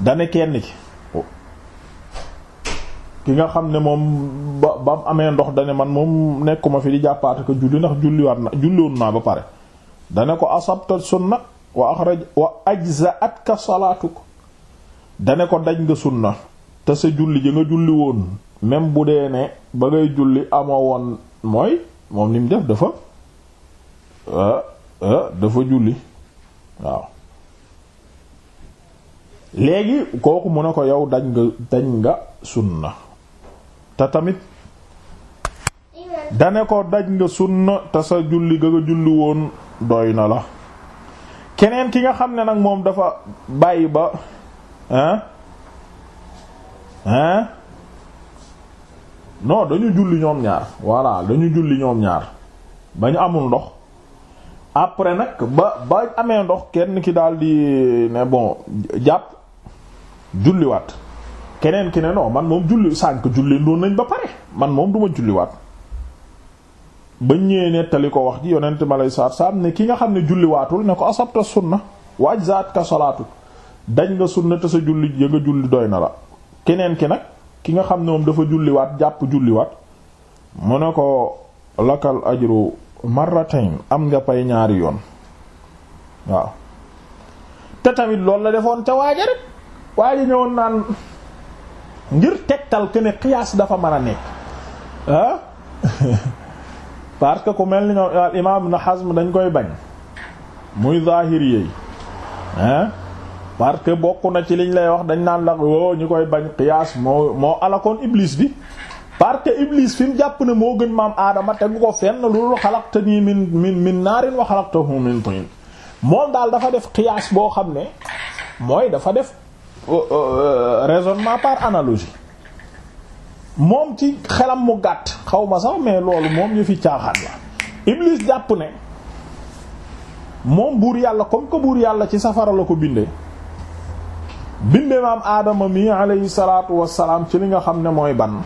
dane kenn ci ki nga xam ne moom ba ba mu amee ndox dane man moom nekkuma fi di jàppaate ko julli ndax julliwaat na julliwoon naa ba pare dane ko asabta sunna wa axraj wa ajza'at ka salaatuk dane ko daj nga sunna te sa julli ji nga julli woon même bu dee ne ba ngay julli amoo woon mooy moom ni mu def dafa ah, ah, dafa julli waaw léegi kooku mu ne ko yow dañ nga dañ nga sun sunna te tamit dane ko daj nga sunna te sa julli ga julli woon doy na la keneen ki nga xam ne nag moom dafa bàyyi ba hein hein non dañu julli ñoom ñaar voilà dañu julli ñoom ñaar ba ñu amul ndox après nag ba ba amee ndox kenn ki daal di ne bon jàpp julliwaat keneen ki ne non man moom julli sànk julli ndoon nañ ba pare man moom duma julliwaat ba ñëwee nettali ko wax ji yonent ma lay saar saam ne ki nga xam ne julliwaatul ne ko asabta sunna waaj zaat ka salaatu dañ nga sunna te sa julli ya nga julli doy na la keneen ki nag ki nga xam ne moom dafa julliwaat jàpp julliwaat mu ne ko lakal ajru marratayn am nga pay ñaari yoon waaw te tamit loolu la defoon ca waaja rek waaye ñëwoon naan ngir tegtal que ne qiyaas dafa mën a nekk ah ku mel ni ñoom al imaam Ibn Hazm dañ koy bañ muy zahiri yi ah parce bokk na ci liñ lay wax dañ naan la woo ñu koy bañ qiyaas moo moo alakoon iblis bi parce que iblis jàpp ne moo gën maam aadama tegu ko fenn loolu xalaqtanii min min min naarin wa xalaqtahu min tiin moom daal dafa def qiyaas boo xam ne mooy dafa def Euh, euh, euh, raisonnement par analogie moom ci xelam mu gàtt xaw ma sax mais loolu moom yëfi caaxaan la Iblis jàpp ne moom buur yàlla comme que buur yàlla ci safara la ko bindee bindee aadama mi alayhi salaatu wassalaam ci li nga xam ne mooy ban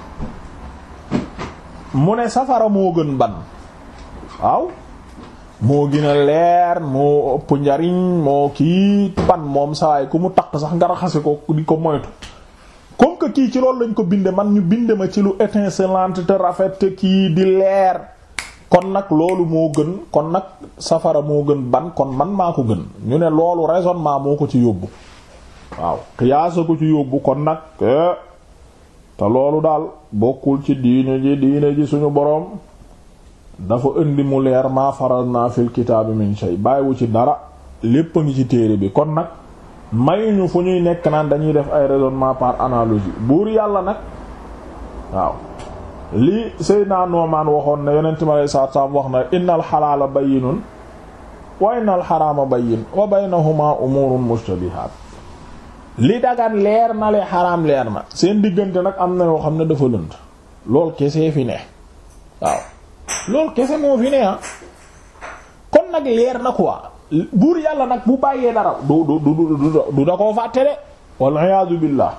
mu ne safara moo gën ban waaw moo gën a leer moo ëpp njariñ moo kii pan moom sawaay ku mu takk sax nga raxase ko di ko moytu comme que kii ci loolu lañ ko binde man ñu binde ma ci lu étincelante te rafet te kii di leer kon nag loolu moo gën kon nag safara moo gën ban kon man maa ko gën ñu ne loolu raisonnement moo ko ci yóbbu waaw xiyaasa ko ci yóbbu kon nag eh, te loolu daal bokkul ci diine ji diine ji suñu boroom dafa indi mu leer maa faral naa fil kitaabi min shay bàyyiwu ci dara lépp a ci téere bi kon nag mayuñu fu ñuy nekk naan dañuy def ay raisonnement par analogie buur yàlla nag waaw li Seydina Noomaan waxoon ne yonent mi alayhi salaatu salaam wax na innal xalaala bayyinun wa innal xaraama bayyin wa baynahuma umuurun mushtabihaat li dagan leer na lee xaraam leer na seen diggante nag am na yoo xam ne dafa lënd lool kese fi ne waaw loolu kese moo fi ne ah kon nag leer na quoi buur yàlla nag bu bàyyee dara du du du du da koo fàtte de wal iyaadu billah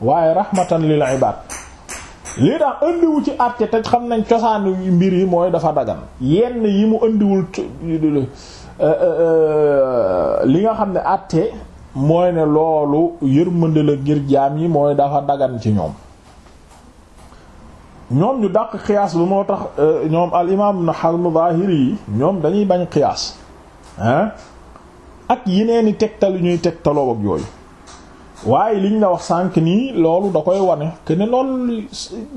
waaye rahmatan lil ibad lii tax indiwu ci àtte te xam nañ cosaanu mbir yi mooy dafa dagan yenn yi mu indiwul euh, euh, euh, li nga xam ne àtte mooy ne loolu yërmande la ngir jaam yi mooy dafa dagan ci ñoom ñoom ñu dàq xiyaas bi moo tax euh, ñoom al imaam na Hazm zaahiri yi ñoom dañuy bañ xiyaas ah ak yeneeni tegtal yu ñuy tegtaloo ak yooyu waaye liñ la wax sànq nii loolu da koy wane que ne loolu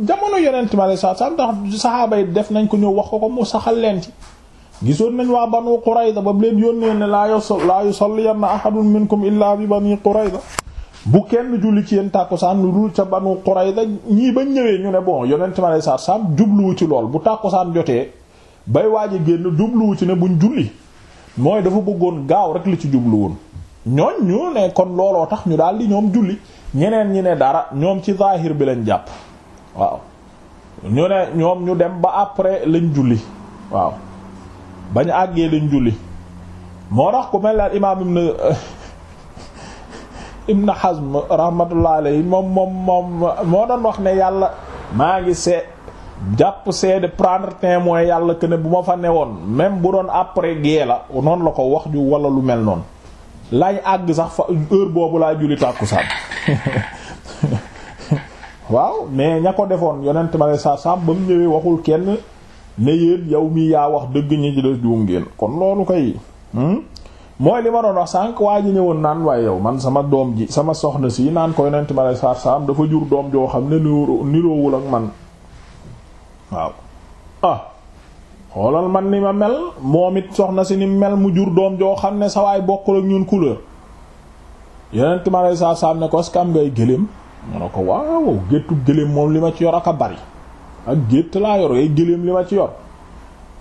jamono yonent ma saa saa tax saxaaba yi def nañ ko ñu wax ko ko mu saxal leen ci gisoon nañ waa Banu Qurayza ba bu leen yónnee ne laa yusalliyanna ahadun minkum illaa bi Bani Qurayza bu kenn julli ci yenn tàkkusaan lu dul ca banu Qurayza ñii bañ ñëwee ñu ne bon yonent ma lay saar saam jubluwu ci lool bu tàkkusaan jotee bay waaj a génn jubluwu ci ne buñ julli mooy dafa bëggoon gaaw rek li ci jubluwoon ñooñ ñu ne kon looloo tax ñu daal di ñoom julli ñeneen ñi ne dara ñoom ci zahir bi lañ jàpp waaw ñu ne ñoom ñu dem ba après lañ julli waaw bañ àggee lañ julli moo tax ku mel ne imaam Ibn Hazm rahmatullah alayhi moom moom moom moo doon wax ne yàlla maa ngi see jàpp seede prendre témoin yàlla que ne bu ma fa newoon même bu doon après guerre la noon la ko wax ju wala lu mel noonu lañ àgg sax fa heure boobu laa julli tàkkusaan waaw mais ña ko defoon yonent ma ne sa sam ba mu ñëwee waxul kenn ne yéen yow mii yaa wax dëgg ñi ci des juum kon loolu kay hmm? mooy li ma doon wax sànq waa ji ñëwoon naan waaye yow man sama doom ji sama soxna si naan ko yonent ma lay saar saam dafa jur doom joo xam ne niroowul ak man waaw ah. man ni ma mel moom it soxna si ni mel mu jur doom joo xam ne sa waay bokkul ak ñun couleur yonent ma lay saar saam ne ko est-ce ngay gëléem ko waaw géttu moom li ma ci yor ak a bari ak gétt laa yor ay gëléem li ma ci yor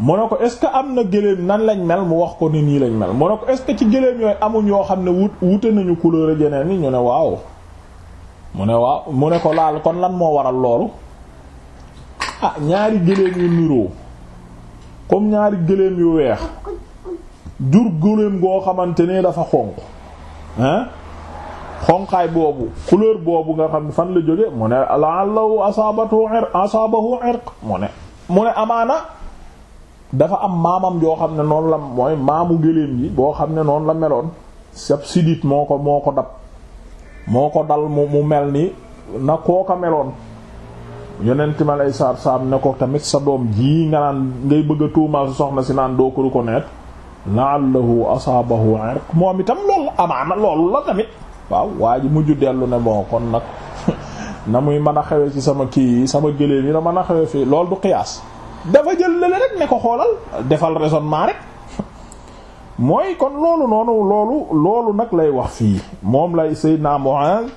mu ne ko est ce que am na gëléem nan lañ mel mu wax ko ni nii lañ mel mu ne ko est ce que ci gëléem yooyu amuñ yoo xam ne wut wute nañu couleur yeneen yi ñu ne waaw mu ne waaw mu ne ko laal kon lan moo waral loolu ah ñaari gëléem yu niroo comme ñaari gëléem yu weex jur gëléem goo xamante ne dafa xonq hein xonqaay boobu couleur boobu nga xam fan la jóge mu ne la'allahu asaabahu irq asaabahu irq mu ne mu ne amaana dafa am maamam joo xam ne noonu la mooy maamu gëléem yi boo xam ne noonu la meloon sab sidit moo ko moo ko dab moo ko dal mu mu mel ni na kooka meloon yonent ma lay saar saam ne ko tamit sa doom jii nga naan ngay bëgg a tuumaal sa soxna si naan doo ko reconnaître la'allahu asaabahu irq moom itam loolu amaana loolu la tamit waaw waa ji mujj dellu ne bon kon nag na muy mën a xewe ci sama kii yi sama gëléem yi la mën a xewe fii loolu du qiyaas dafa jël lële rek ne ko xoolal defal raisonnement rek mooy kon loolu noonu loolu loolu nag lay wax fii moom lay Seydina Mu'adh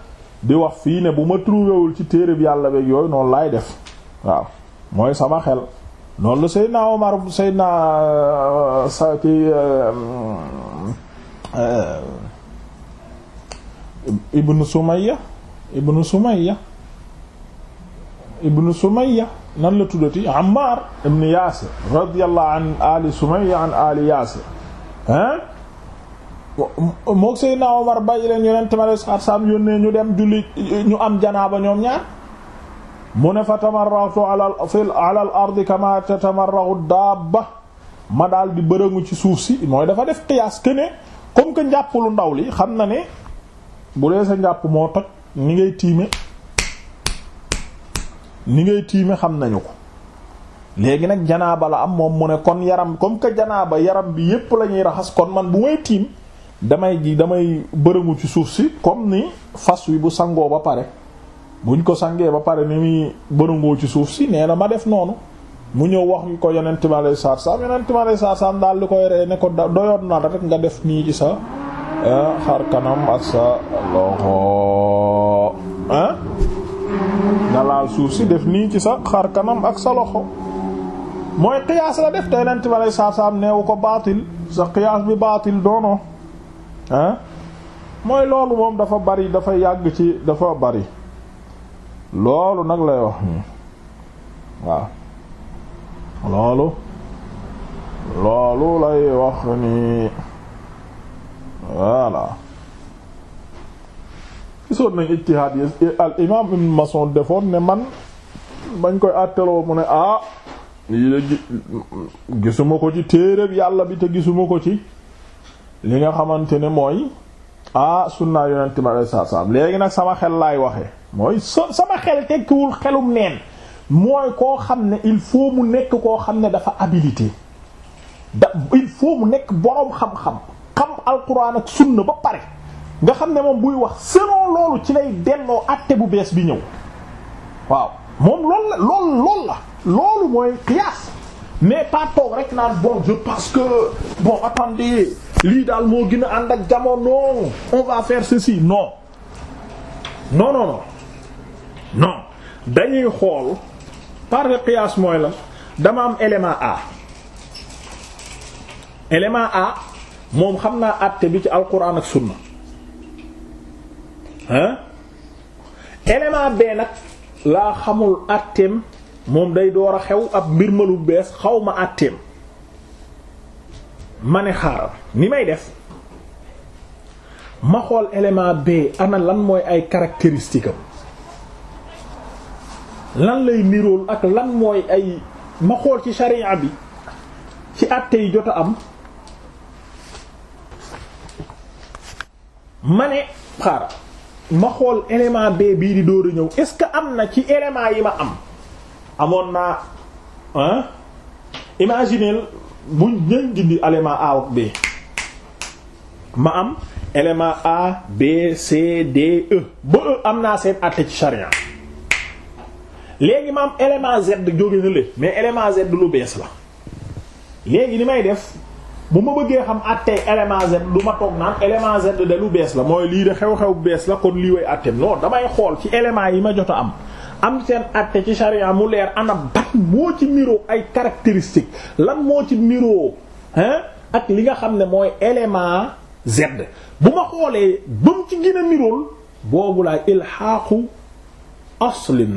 di wax fii ne bu ma trouvéwul ci téere bi yàlla beeg yooyu noonu laay def waaw mooy sama xel noonu la Seydina Omar Seydina sa ki Ibn Sumayya Ibn Sumayya Ibn Sumayya nan la tuddati Ammar ibn Yaasir radiyallahu ali Sumayya an ali Yaasir hein mook Seydina Omar bàyyi leen yonente ma sa sam yónnee ñu dem julli ñu am janaaba ñoom ñaar mu ne fa tamarratu ala al ardi kama tatamarrahu dabba ma daal di bërëngu ci suuf si mooy dafa def qiyaas que ne comme que njàpp ndaw li xam na ne bu dee sa njàpp moo toj ni ngay tiime ni ngay tiime xam nañu ko léegi nag janaaba la am moom mu ne kon yaram comme que janaaba yaram bi yépp la ñuy raxas kon man bu may tiim damay gi damay bërëmu ci suuf si comme ni fas wi bu sangoo ba pare buñ ko sangee ba pare ni muy bërëngoo ci suuf si nee na ma def noonu mu ñëw wax ko yonent mi alayhi salaatu salaam yonent mi alayhi salaatu salaam daal di koy ree ne ko doyoon na rek nga def nii ci sa eh, xar kanam ak sa loxo laal suuf si def nii ci sa xar kanam ak sa loxo mooy qiyaas la def tey nent balay saab-saab neewu ko baatil sa qiyaas bi baatil doono ah mooy loolu moom dafa bari dafa yàgg ci dafa bari loolu nag lay wax nii waaw loolu loolu lay wax nii voilà gisoon nañu ijtihaad yi eh, al imaam Ibn Mas'ud ne man bañ koy àttaloo mu ne ah gisuma ko ci téereeb yàlla bi te gisuma ko ci li nga xamante ne mooy ah sunnaa yonent mi léegi nag sama xel laay waxee mooy sama xel tekkiwul xelum neen mooy koo xam ne il faut mu nekk koo xam ne dafa habilité da il faut mu nekk boroom xam-xam xam alquran ak sunna ba pare nga xam ne moom buy wax selon loolu ci lay delloo àtte bu bees bi ñëw waaw moom loolu la loolu loolu la loolu mooy qiyaas mais pas rek naan bon je pense que bon attendez lii daal moo gën a ànd ak jamono on va ceci non non non dañuy xool par le mooy la dama am élément A élément A moom xam naa àtte bi ci alquran ak sunna hein élément B nag laa xamul àtteem moom day door a xew ab mbir ma lu bees xaw ma àtteem ma ne xaaral ni may def ma xool élément B ana lan mooy ay caractéristiques lan lay nirool ak lan mooy ay ma xool ci charia bi ci àtte yi jot a am ma ne xaaral ma xool élément B bii di door a ñëw est-ce que am na ci élément yi ma am amoon naa ah imaginez bu ñën dindi élément A B ma am élément A B C D E ba E am naa seen àtte ci charia léegi ma am élément Z jóge mais élément Z lu bees la léegi li may def bu ma bëggee xam attey élément Z du ma toog naan élément Z de lu bees la mooy lii de xew-xew bees la kon lii way atteem non damay xool ci élément yi ma jot a am am seen atte ci charia mu leer ana bat moo ci miro ay caractéristiques lan moo ci miro hein ak li nga xam ne mooy élément Z bu ma xoolee ba ci gën a mirool boobu laay ilxaaqu aslin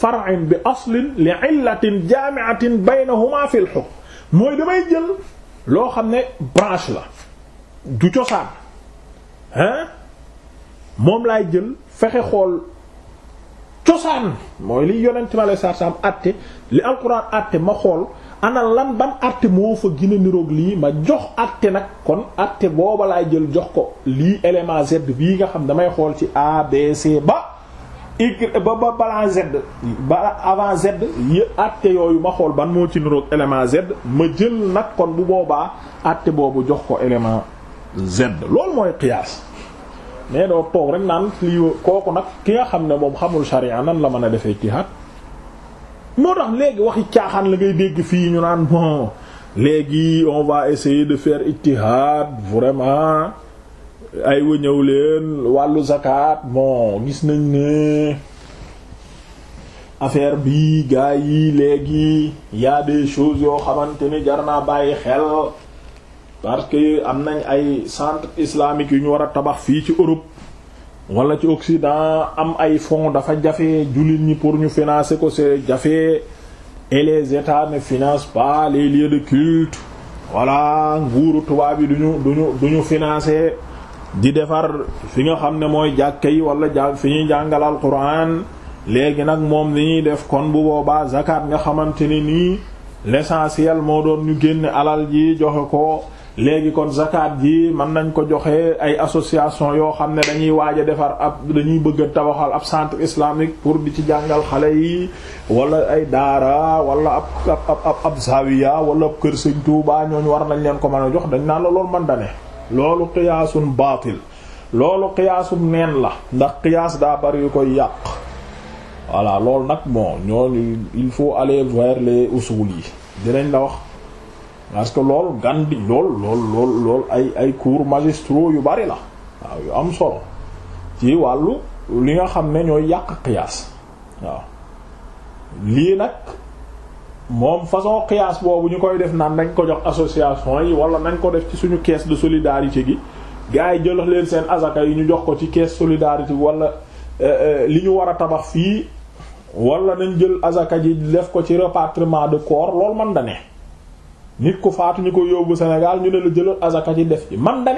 far'in bi aslin li illatin jaami'atin baynahuma fil hukm mooy damay jël loo xam ne branche la du cosaan hein moom lay jël fexe xool cosaan mooy liy yonent ma lay sarsam àtte li alxuraan àtte ma xool ana lan ban àtte moo fa gën niroog lii ma jox àtte nag kon àtte booba laay jël jox ko lii élément Z bii nga xam damay xool ci ABC ba ba ba balan z ba avant z yë atte yooyu ma xool ban moo ci niroog élément z ma jël nag kon bu boobaa atte boobu jox ko élément z loolu mooy qiyaas mais doo toog rek naan lii kooku nag ki nga xam ne moom xamul sharia nan la mën a defee ijtihaad moo tax léegi waxi caaxaan la ngay dégg fii ñu naan bon léegi on va essayer de faire ijtihaad vraiment ay wa ñëw leen wàllu zakat bon gis nañ ne affaire bi gars yi léegi y a des yoo xamante ni jar naa bàyyi xel parce que am nañ ay centre islamique yu ñu war a tabax fii ci Europe wala ci Occident am ay fonds dafa jafe jullit ñi pour ñu financer ko c'est jafe et les États ne financent pas les lieux de culte voilà nguuru tubaab yi duñu duñu duñu financer di defar fi nga xam ne mooy jàkke yi wala jà fi ñuy jàngalal alquran léegi nag moom li def kon bu boobaa zakat nga xamante ne nii l'essentiel moo doon ñu génne alal ji joxe ko léegi kon zakat ji mën nañ ko joxe ay association yoo xam ne dañuy waaj a defar ab dañuy bëgg a tabaxal ab centre islamique pour di ci jàngal xale yi wala ay daara wala ab ab ab zawiya wala ab kër Sëriñ Tuubaa ñooñu war nañ leen ko mën a jox dañ naan la loolu man da ne loolu qiyaasun baatil loolu qiyaasum neen la ndax qiyaas daa bari yu koy yàq voilà loolu nag ñoo ñooñu il faut aller vers les usul yi dinañ la wax parce que loolu gan di lool lool lool ay ay cours magistraux yu bari la waaw yu am solo ci wàllu li nga xam ne ñooy yàq qiyaas waaw lii nag moom façon qiyaas boobu ñu koy def naan nañ ko jox association yi wala nañ ko def ci suñu caisse de solidarité gi gaa yi jëlox leen seen azaka yi ñu jox ko ci caisse solidarité wala euh, euh, li ñu war a tabax fii wala nañ jël azaka ji def ko ci rapatriement de corps lool man da ne nit ko faatu ñu ko yóbbu Sénégal ñu ne la jël azaka ji def ci man da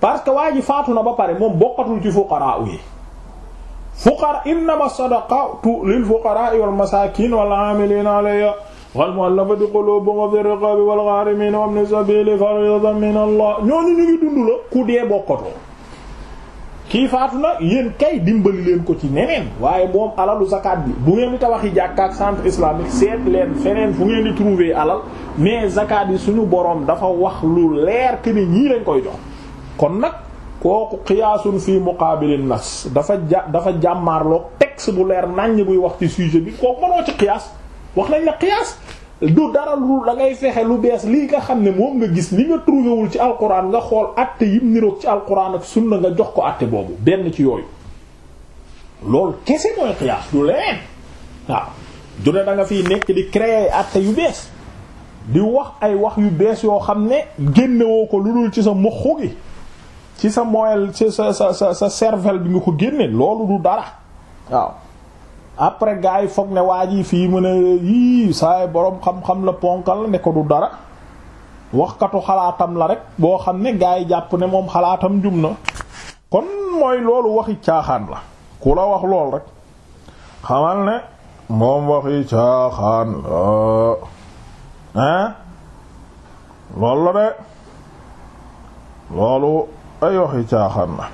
parce que waa ji faatu na ba pare moom bokkatul ci fuqaraa yi fuqara innama sadaqatu lil fuqara wal masakin wal amilina alayha wal mu'allafati qulubuhum wa fi riqabi wal gharimin wa ibn sabili faridatan min Allah ñooñu ñu ngi dund la ku dee bokkatoo kii faatu na yéen kay dimbali leen ko ci neneen waaye moom alalu zakat bi bu ngeen di tabaxi jàkka ak centre islamique seet leen feneen fu ngeen di trouver alal mais zakat yi suñu boroom dafa wax lu leer que ni ñii lañ koy jox kon nag kooku xiyaasun fii muqaabilin nas dafa ja dafa jàmmaarloog texte bu leer naññ buy wax ci sujet bi kooku mënoo ci xiyaas wax nañ la xiyaas du dara lu da ngay fexe lu bees lii nga xam ne moom nga gis li nga trouvé wul ci alquran nga xool atte yi niroog ci alquran ak sunna nga jox ko atte boobu benn ci yooyu loolu kese mooy xiyaas du leen waaw du ne da nga fiy nekk di créer atte yu bees di wax ay wax yu bees yoo xam ne génnewoo ko lu dul ci sa muxu gi ci sa moelle ci sa sa sa sa bi nga ko génne loolu du dara waaw après gars yi foog ne waa ji fii mu ne yii saay boroom xam-xam la ponkal la ne ko du dara waxkatu xalaatam la rek boo xam ne gars yi jàpp ne moom xalaatam jum na kon mooy loolu waxi caaxaan la ku la wax lool rek xamal ne moom waxi caaxaan la hein loolu la de loolu ay waxi caaxaan na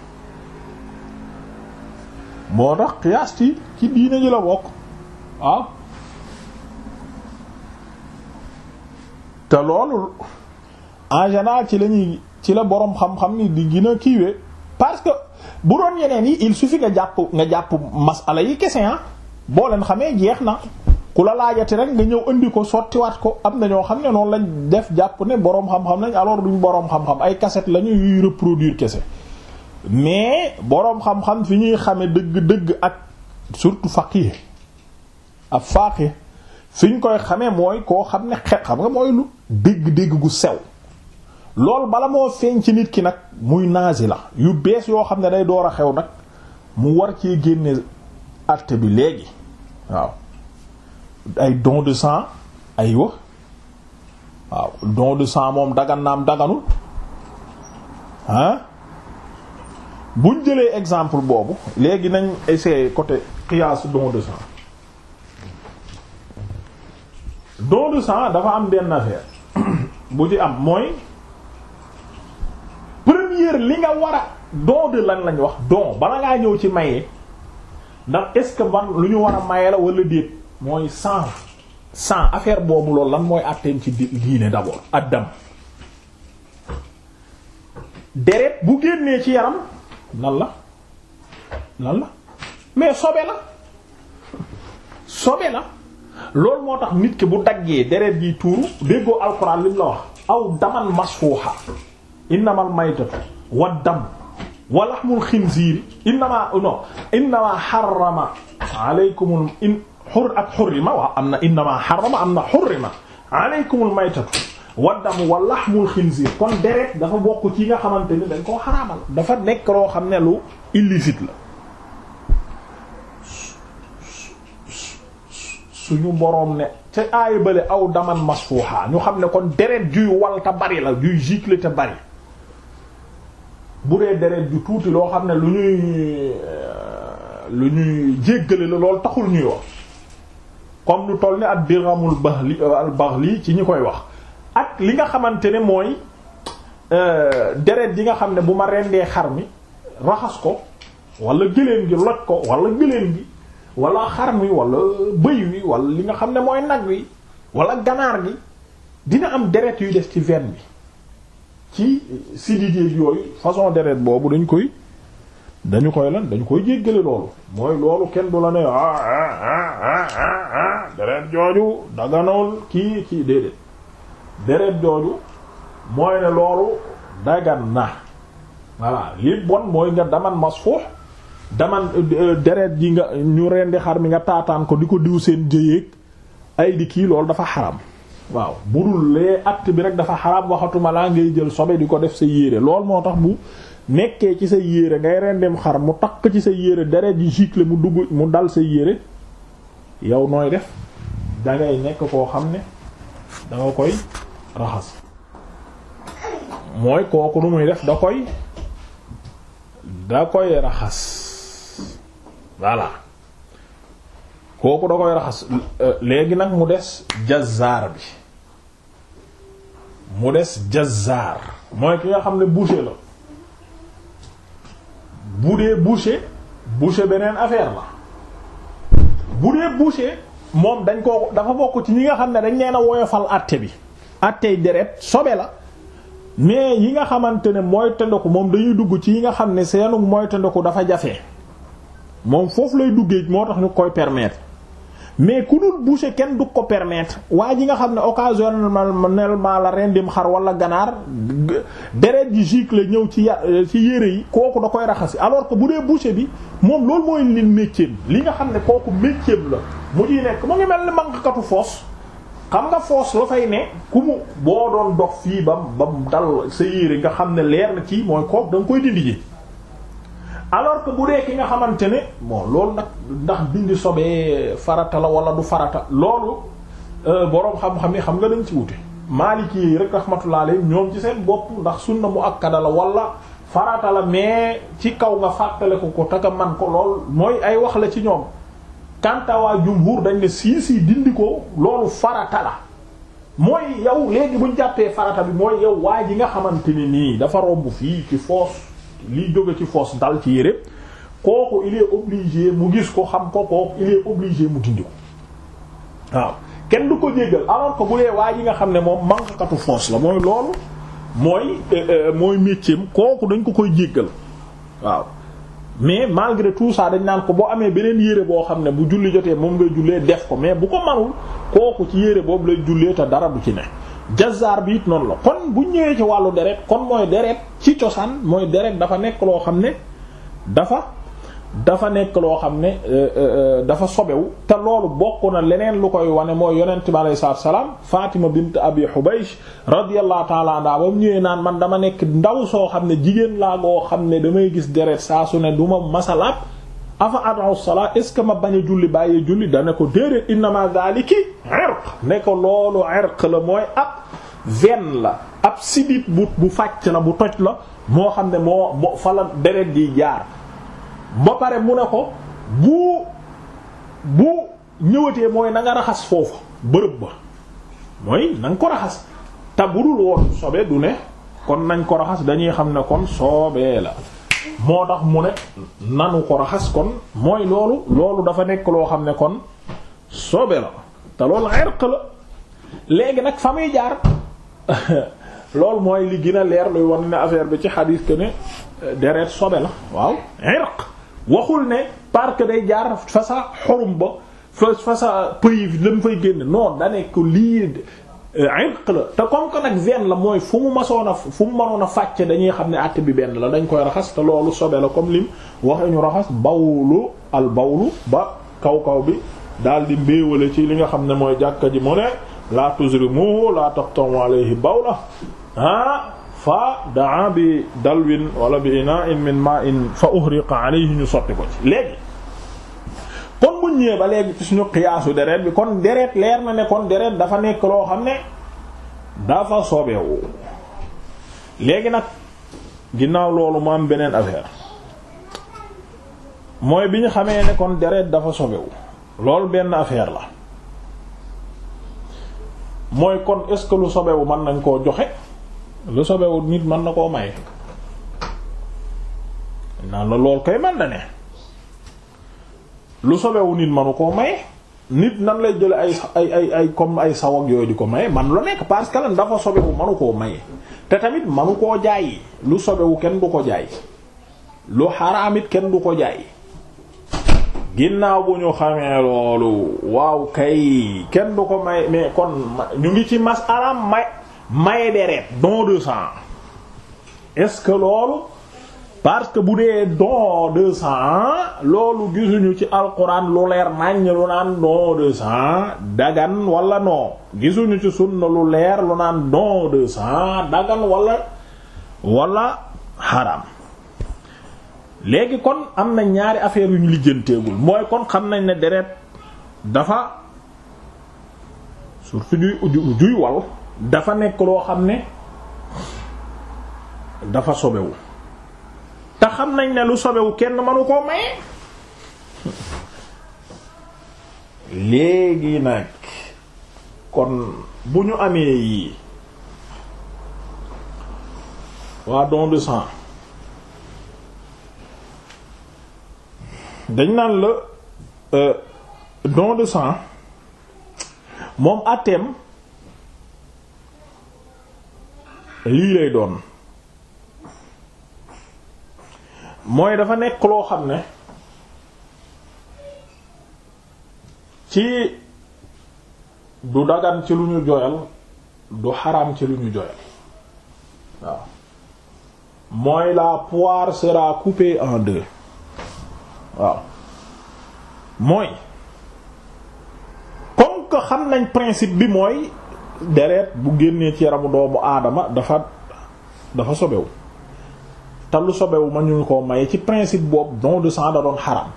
moo tax qiyaas ci ci diine ñu la bokk waaw ah? te loolu en général ci lañuy ci la boroom xam-xam ni di gina a kiiwee parce que bu doon yeneen yi il suffit nga jàpp nga jàpp masala yi kese ah boo leen xamee jeex na ku la laajati rek nga ñëw indi ko sottiwaat ko am na ñoo xam ne noonu lañ def jàpp ne boroom xam-xam lañ alors duñ boroom xam-xam ay cassette lañu yuy kese mais boroom xam-xam fi ñuy xame dëgg-dëgg ak surtout faqih ab faqih fi ñu koy xamee mooy koo xam ne xet xam nga mooy lu dégg-dégg gu sew loolu bala moo feeñ ci nit ki nag muy naasi la yu bees yoo xam ne day door a xew nag mu war cee génne acte bi léegi waaw ay don de sang ay waaw don de sang moom dagan naam daganul ah buñ jëlee exemple boobu léegi nañ essayer côté qiyaas don de sang don de sang dafa am benn affaire bu ci am mooy première li nga war a don de lan lañ wax don bala ngaa ñëw ci maye ndax est-ce que ban lu ñu war a la walla déet mooy sang sang affaire boobu loolu lan mooy àtteem ci diine d'abord addam deret bu génnee ci yaram lan la la mais sobe la sobe na loolu moo tax nit ki bu daggee deret gi tuuru déggoo alxuraan lim la wax aw daman masfuuxa innamal maytatu wad dam wa laxmul xinziiri no innamaa xarrama aleykumul in xur ak xurrima waaw am na innama xarama am na ma aleykumul maytatu waddamu wa lahmul xinziir kon deret dafa bokk ci nga xamante ni dañ koo xaraamal dafa nekk loo xam ne lu illicite la suñu boroom ne te aaya bale aw daman masfuuxa ñu xam ne kon deret juy wal te bari la juy gicle te bari bu dee deret ju tuuti loo xam ne lu ñuy lu ñuy jéggale la loolu taxul ñuy wax comme lu toll ni ak diramul baxli euh, al lii ci ñi koy wax ak li nga xamante ne mooy euh, deret yi nga xam ne bu ma rendee xar mi raxas ko wala gëléem gi loj ko wala gëléem gi wala xar mi walla bëy wi wala li nga xam ne mooy nag wi wala ganaar gi dina am deret yuy des ci veine bi ci sididéeg yooyu façon deret boobu dañ koy dañu koy lan dañu koy jéggale loolu mooy loolu kenn du la ne a ah, ah, ah, deret jooju daganul kii kii déedéet deret jooju mooy ne loolu dagan na voilà li bon mooy nga daman masfuux daman euh, deret ji nga ñu rendi xar mi nga taataan ko di ko diw seen jëyeeg ay di kii loolu dafa xaram waaw budul lee att bi rek dafa xaraam waxatuma laa ngay jël sobe di ko def sa yéere lool moo tax mu nekkee ci sa yéere ngay rendem xar mu takk ci sa yére deret yi gicle mu dugg mu dal sa yére yow nooy def dangay nekk koo xam ne danga koy raxas mooy kooku nu muy def da koy da koy raxas voilà kooku da koy raxas léegi nag mu des jazaar bi mu des jazaar mooy ki nga xam ne boucher la bu dee boucher boucher beneen affaire la bu dee boucher moom dañ koo dafa bokk ci ñi nga xam ne dañ leen a woyofal àtte bi àttey deret sobe la mais yi nga xamante ne mooy tëndaku moom dañuy dugg ci yi nga xam ne seenu mooy tëndaku dafa jafe moom foofu lay duggee moo tax ñu koy permettre mais ku dul boucher kenn du ko permettre waa ji nga xam ne occasionnellement la rendim xar wala ganaar deret ji gicle ñëw ci ya ci yére yi kooku da koy raxas raxasi alors ko bu dee boucher bi moom loolu mooy li métier li nga xam ne kooku métier la mu ciy nekk mu ngi mel ni manqkatu foos xam nga foos la fay ne ku mu boo doon dox fii ba ba dal sa yére nga xam ne leer na ci mooy kooku da koy dindi ji alors que bu dee ki nga xamante ne bon loolu nag ndax dindi sobee farata la wala du farata loolu euh, boroom xam-xam yi xam nga dañ ci wute maaliki yi rek rahmatullah alayhim ñoom ci seen bopp ndax na mu akkada la wala farata la mais ci kaw nga fàttale ko ko taka man ko lool mooy ay wax la ci ñoom kantawaa jumhur dañ ne sii sii dindi ko loolu farata la mooy yow léegi bu jàppee farata bi mooy yow waa ji nga xamante ni nii dafa romb fii ci foos li jóge ci foos dal ci yére kooku il est mu gis ko xam ko ko il est mu dindi ko waaw kenn du ko jéggal alors que bu dee waa yi nga xam ne moom katu foos la mooy loolu mooy euh, euh, mooy métier kooku dañ ko koy jéggal waaw mais malgré tout ça dañ naan ko boo amee beneen yére boo xam ne bu julli jotee moom ngay jullee def ko mais bu ko manul kooku ci yére boobu lay jullee te dara du ci ne jazaar bi it noonu la kon bu ñëwee ci wàllu deret kon mooy deret ci cosaan mooy deret dafa nekk loo xam ne dafa dafa nekk loo xam ne euh, euh, euh, dafa sobewu te loolu bokk na leneen lu koy wane mooy yonent bi alayhi saa salaam Fatima bint Abi Hubaysh radiyallahu ta'ala anha ba mu ñëwee naan man dama nekk ndaw soo xam ne jigéen laa goo xam ne damay gis deret saa su ne du ma masalaat afa ad'u salat est ce que ma bañ a julli bàyyee julli dana ko déedéet inna ma ne ko loolu irq la mooy ab veine la ab sidit bu fàcc la bu toj la moo xam ne moo moo fa la deret ji jaar ba pare mu ne ko bu bu ñëwatee mooy nanga raxas foofu bërëb ba mooy na ko raxas te bu dul woon sobe du ne kon nañ ko raxas dañuy xam ne kon soobee la moo tax mu ne nanu ko raxas kon mooy loolu loolu dafa nekk loo xam ne kon sobe la te loolu irq la léegi nag fa muy jaar loolu mooy li gën a leer luy wan ne affaire bi ci xadiis que ne euh, deret sobe la waaw irq waxul ne parce day jaar fa sa xorum ba fa fa sa pëyi la mu génn non da lii euh, irq te comme que nag veine la mooy fu mu masoon fu mu mënoon a fàcce dañuy xam ne àtt bi benn la dañ koy raxas te loolu sobe la comme lim waxee ñu raxas bawlu al bawlu ba kaw kaw bi daal di mbéewale ci li nga xam ne mooy jàkka ji mu ne la tuzrimu la taqtamu alayhi bawla ah fa daa bi dalwin wala bi ina'in min ma'in fa uhriqa alayhi ñu sotti ko ci léegi kon bu ñëwee ba léegi ci suñu xiyaasu deret bi kon deret leer na ne kon deret dafa nekk loo xam ne dafa sobewu léegi nag ginnaaw loolu mu beneen affaire mooy bi xamee ne kon deret dafa sobewu loolu benn affaire la mooy kon est-ce que lu sobewu man nañ koo joxe lu sobewu nit mën na koo maye naan la lool koy man na ne lu sobewu nit manu koo maye nit nan lay jële ay ay ay ay comme ay saw yooyu di ko maye man lu nekk parce que lan dafa sobewu manu koo maye te tamit manu koo jaayi lu sobewu kenn du ko jaay lu xaraamit kenn du ko jaay ginnaaw bu ñu xamee loolu waaw kay kenn du ko may mais kon ñu ngi ci mas may maye don de sang est-ce que loolu parce que bu dee don de sang loolu gisuñu ci alquran lu leer naññ lu naan don de sang dagan wala non gisuñu ci sunna lu leer lu naan don de sang dagan wala wala haram léegi kon am na ñaari affaire yu ñu lijjanteegul mooy kon xam nañ ne deret dafa surtout juy juy wal dafa nekk loo xam ne dafa sobewu te xam nañ ne lu sobewu kenn mënu koo may léegi nag kon bu ñu amee yii waa don de sang dañ naan la euh, don de san moom àtteem lii lay doon mooy dafa nekk loo xam ne ci du dagan ci lu ñu joyal du xaram ci lu ñu joyal waaw mooy la poire sera coupée en deux waaw mooy comme que xam nañ principe bi mooy deret bu génnee ci yaramu doomu aadama dafa dafa sobewu te lu sobewu ma ñu ko may ci principe boobu don de sang da doon xaram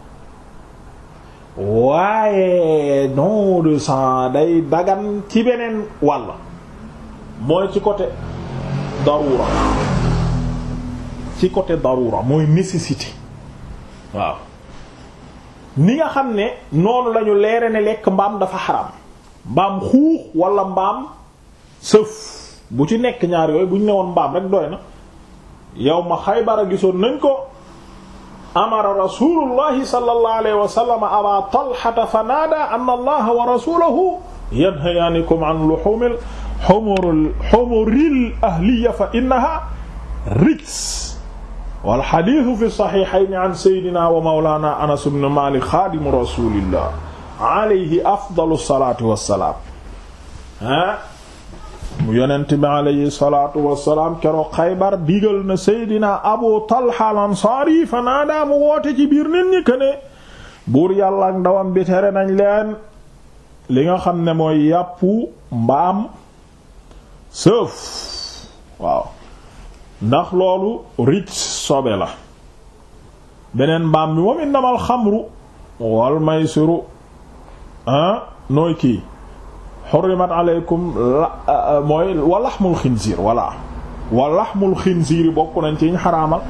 waaye day dagan ci beneen wàll mooy ci côté darura ci côté darura mooy nécessité waaw ni nga xam ne noonu lañu leere ne lekk mbaam dafa xaram mbaam xuux wala mbaam sëf bu ci nekk ñaar yooyu bu ñu ne woon mbaam rek doy na yow ma xaybara gisoon nañ ko amara rasulullahi sallallahu alayhi wa sallam fa naada anna allaha wa rasulahu yanhayaanikum an luhumil humuril ahliya fa innaha rijs wal xadiisu fi saxiixayni an sayyidina wa mawlaana anas ibn maalik xaadimu rasuulillah alayhi afdalu salaatu wassalaam ah mu yonent bi alayhi salaatu keroog Xaybar digal na sayyidina Abu Talha al-Ansaari fa naadaa mu woote ci biir nit ñi ne buur yàlla ak ndawam bi tere nañ leen li nga xam ne mooy yàppu mbaam sëf ndax loolu ric sobe la beneen mbaam mi moom innamal xamru wal maysiru ah nooy aleykum la ah, mooy wa laxmul xinsiir walla wa laxmul xinsiir yi bokk nañ ci ñu xaraamal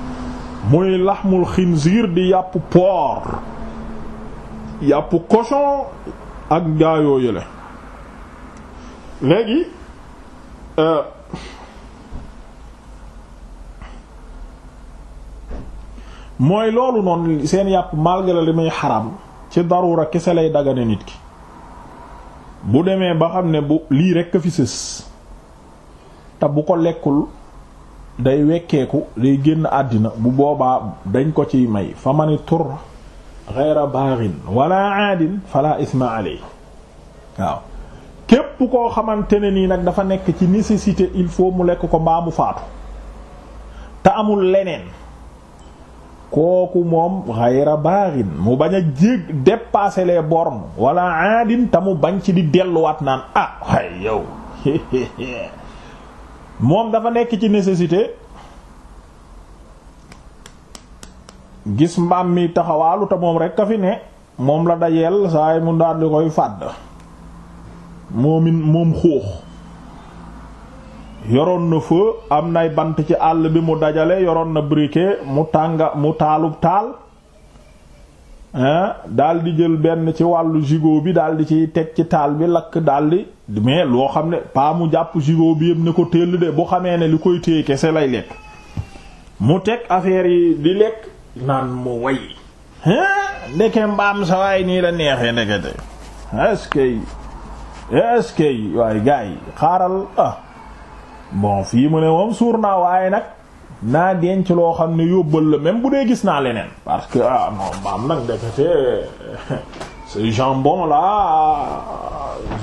muy laxmul xinsiir di yàpp porc yàpp cochon ak gaayoo yële léegi euh, mooy loolu noonu seen yàpp malgré li muy xaram ci darura kese lay dagane nit ki bu demee ba xam ne bu lii rekk a fi sës te bu ko lekkul day wekkeeku day génn àddina bu boobaa dañ ko ci may fa mani tur ghayra baghin wala aadin fala isma alay waaw képp koo xamante ne nii nag dafa nekk ci nécessité il faut mu lekk ko mbaa mu faatu te amul leneen kooku moom xayra baaxin mu bañ a jég dépasser les bornes aadin te mu bañ ci di delluwaat naan ah yow moom dafa nekk ci nécessité gis mbaam mi taxawaalu te moom rek a fi ne moom la dajeel saay mu daal di koy fàdd moomin moom xuux yoroon na feu am nay bant ci àll bi mu dajale yoroon na briquet mu tànga mu taalub taal daldi jël benn ci wàllu gigot bi daldi ci teg ci taal bi lakk daldi mais loo xam ne paa mu jàpp gigot bi yëpp ne ko teel de bu xamee ne li koy téye kese lay lekk mu teg affaire yi di lekk naan mu way ndeke mbaam sa waay nii la neexee ndekete est-ce que est-ce yi xaaral ah bon fii mu ne moom suur naa waaye nag naa denc loo xam ne yóbbal la même bu dee gis naa leneen parce que ah non maam nag ndekete ce jambon là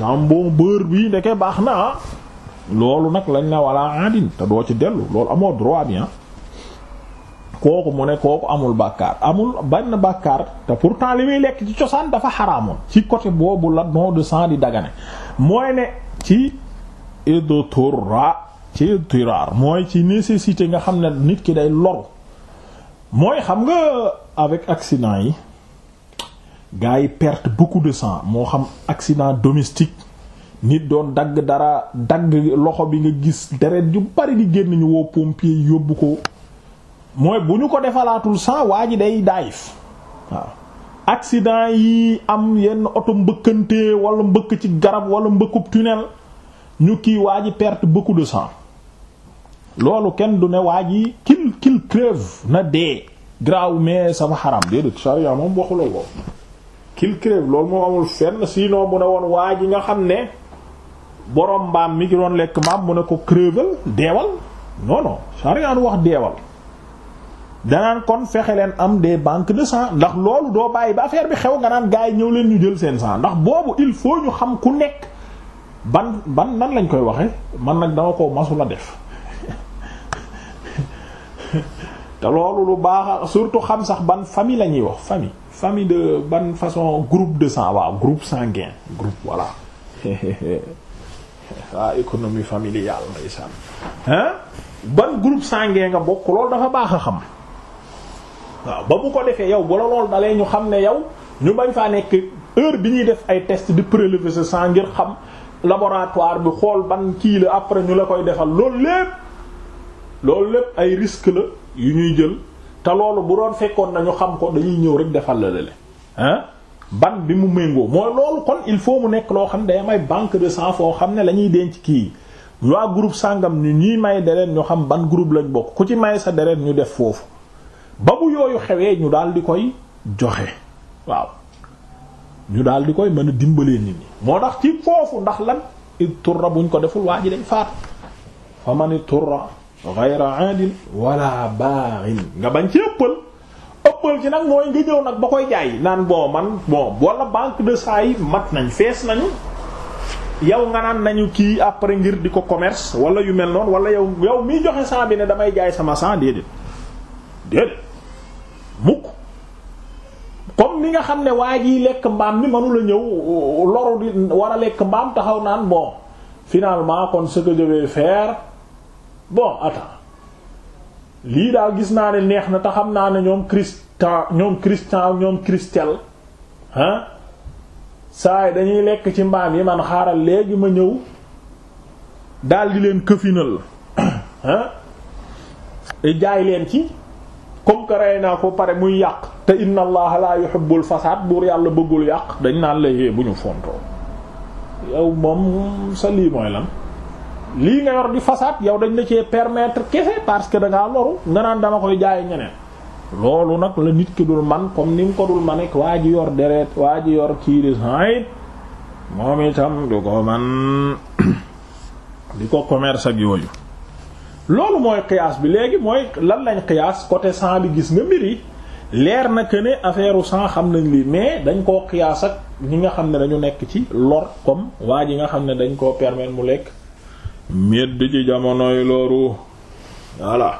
jambon beurre bi ndeke baax na ah. loolu nag lañ la wala aadin te doo ci dellu loolu amoo droit bien ah. kooku mu ne kooku amul bàkkaar amul bann na bàkkaar te pourtant li muy lekk ci cosaan dafa xaraamoon ci côté boobu la don de sang di dagane mooy ne ci idotura ci tiraar mooy ci nécessité nga xam ne nit ki day loru mooy xam nga avec accident yi gars yi perte beaucoup de sang moo xam accident domestique nit doon dagg dara dagg loxo bi nga gis deret ju bari di génn ñu woo pompier yóbbu ko mooy bu ñu ko defalaatul sang waa ji day daayif waaw accident yi am yenn oto mbëkkante wala mbëkk ci garab wala mbëkku tunnel ñu kiy waa perte beaucoup de sang loolu kenn du ne waa ji kil kil crève na dee graaw mais sama xaram déedéet sharia moom waxula ko kil crève loolu moo amul fenn sinon mu ne woon waa ji nga xam ne boroom mbaam mi ki doon lekk mbaam mu ne ko crèveal deewal non non nu wax deewal danaan kon fexe leen am des banque de sang ndax loolu doo bàyyi ba affaire bi xew nga naan gars yi ñëw leen ñu jël seen sang ndax boobu il faut ñu xam ku nekk ban ban nan lañ koy waxe man nag dama ko masula def te loolu lu baax surtout xam sax ban famille la ñuy wax famille famille de ban façon groupe de sang waaw groupe sanguin groupe voilà waa ah, économie familiale ndeysaan hein ban groupe sanguin nga bokk loolu dafa baax a xam waaw ba bu ko defee yow bu la loolu dalee ñu xam ne yow ñu bañ faa nekk heure bi ñuy def ay test di prélever sa sang ngir xam laboratoire bi xool ban kii la après ñu la koy defal loolu lépp loolu lépp ay risque la yu ñuy jël te loolu bu doon fekkoon nañu xam ko dañuy ñëw rek defal la lele hein ban bi mu méngoo mooy loolu kon il faut mu nekk loo xam ne day may banque de sang foo xam ne la denc kii waa groupe sàngam ni ñuy may deret ñu xam ban groupe lañ bokk ku ci may sa deret ñu def foofu ba bu yooyu xewee ñu daal di koy joxe waaw ñu daal di koy mën a dimbalee nit ñi moo tax ci foofu ndax lan it turra buñ ko deful waa ji day faat fa man it turra ghayra aadin wala baaxin nga bañ ci ëppal ëppal ci nag mooy nga ñëw nag ba koy jaay naan bon man bon wala banque de saa yi mat nañ fees nañu yow nga naan nañu kii après ngir di ko commerce wala yu mel noonu wala yow yow miy joxe sang bi ne damay jaay sama sang déedéet déedéet mukk comme ni nga xam ne waa jii lekk mbaam mi mënu la ñëw loru di war a lekk mbaam taxaw naan bon finalement kon ce que je vais bon attends lii daal gis naa ne neex na te xam naa ne ñoom Christian ñoom Christian ñoom Christelle ah saa yi dañuy lekk ci mbaam yi man xaaral léegi ma ñëw daal leen këfinal e jaay leen ci comme que rey naa ko pare muy yàq te inna allaha la yuhibbul fasaad buur yàlla bëggul yàq dañ naan la yee eh, bu ñu fontoo yow moom sa lii mooy lan lii nga yor di façade yow dañ la cee permettre kese parce que da ngaa loru nga naan dama koy jaay ñeneen loolu nag la nit ki dul man comme ni mu ko dul man ak waa ji yor deret waa ji yor kii de it moom itam du ko man di ko commerce ak yooyu loolu mooy qiyaas bi léegi mooy lan lañ qiyaas côté sang bi gis nga mbir yi leer na que ne affaire sang xam nañ lii mais dañ koo qiyaas ak ñi nga xam ne dañu nekk ci lor comme waa ji nga xam ne dañ koo permettre mu lekk medd ji jamonoy loru voilà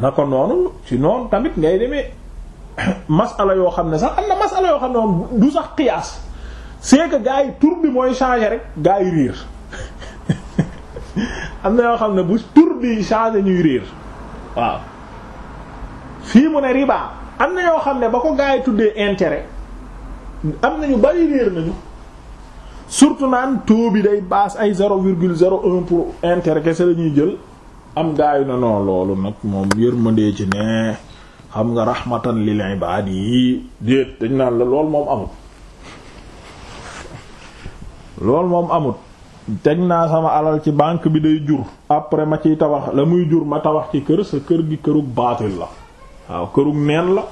na ko noonu ci noon tamit ngay demee masala yoo xam ne sax am na masala yoo xam ne moom du sax qiyaas c'est que gars yi tur bi mooy changer rek gaa yi riir am na yoo xam ne bu tur bi changer ñuy riir waaw fii mu ne riba am na yoo xam ne ba ko gars yi tuddee intérêt am na ñu bari riir nañu. surtout naan taux bi day baas ay zéro virgule zéro un pour intérêt kese la ñuy jël am gaayu na non loolu nag moom yërmandee ci ne xam nga rahmatan lil ibad yi déet dañ naan la loolu moom amut loolu moom amut teg naa sama alal ci banque bi day jur après ma ciy tabax la muy jur ma tabax ci kër sa kër gi kërug baatil la waaw kërug neen la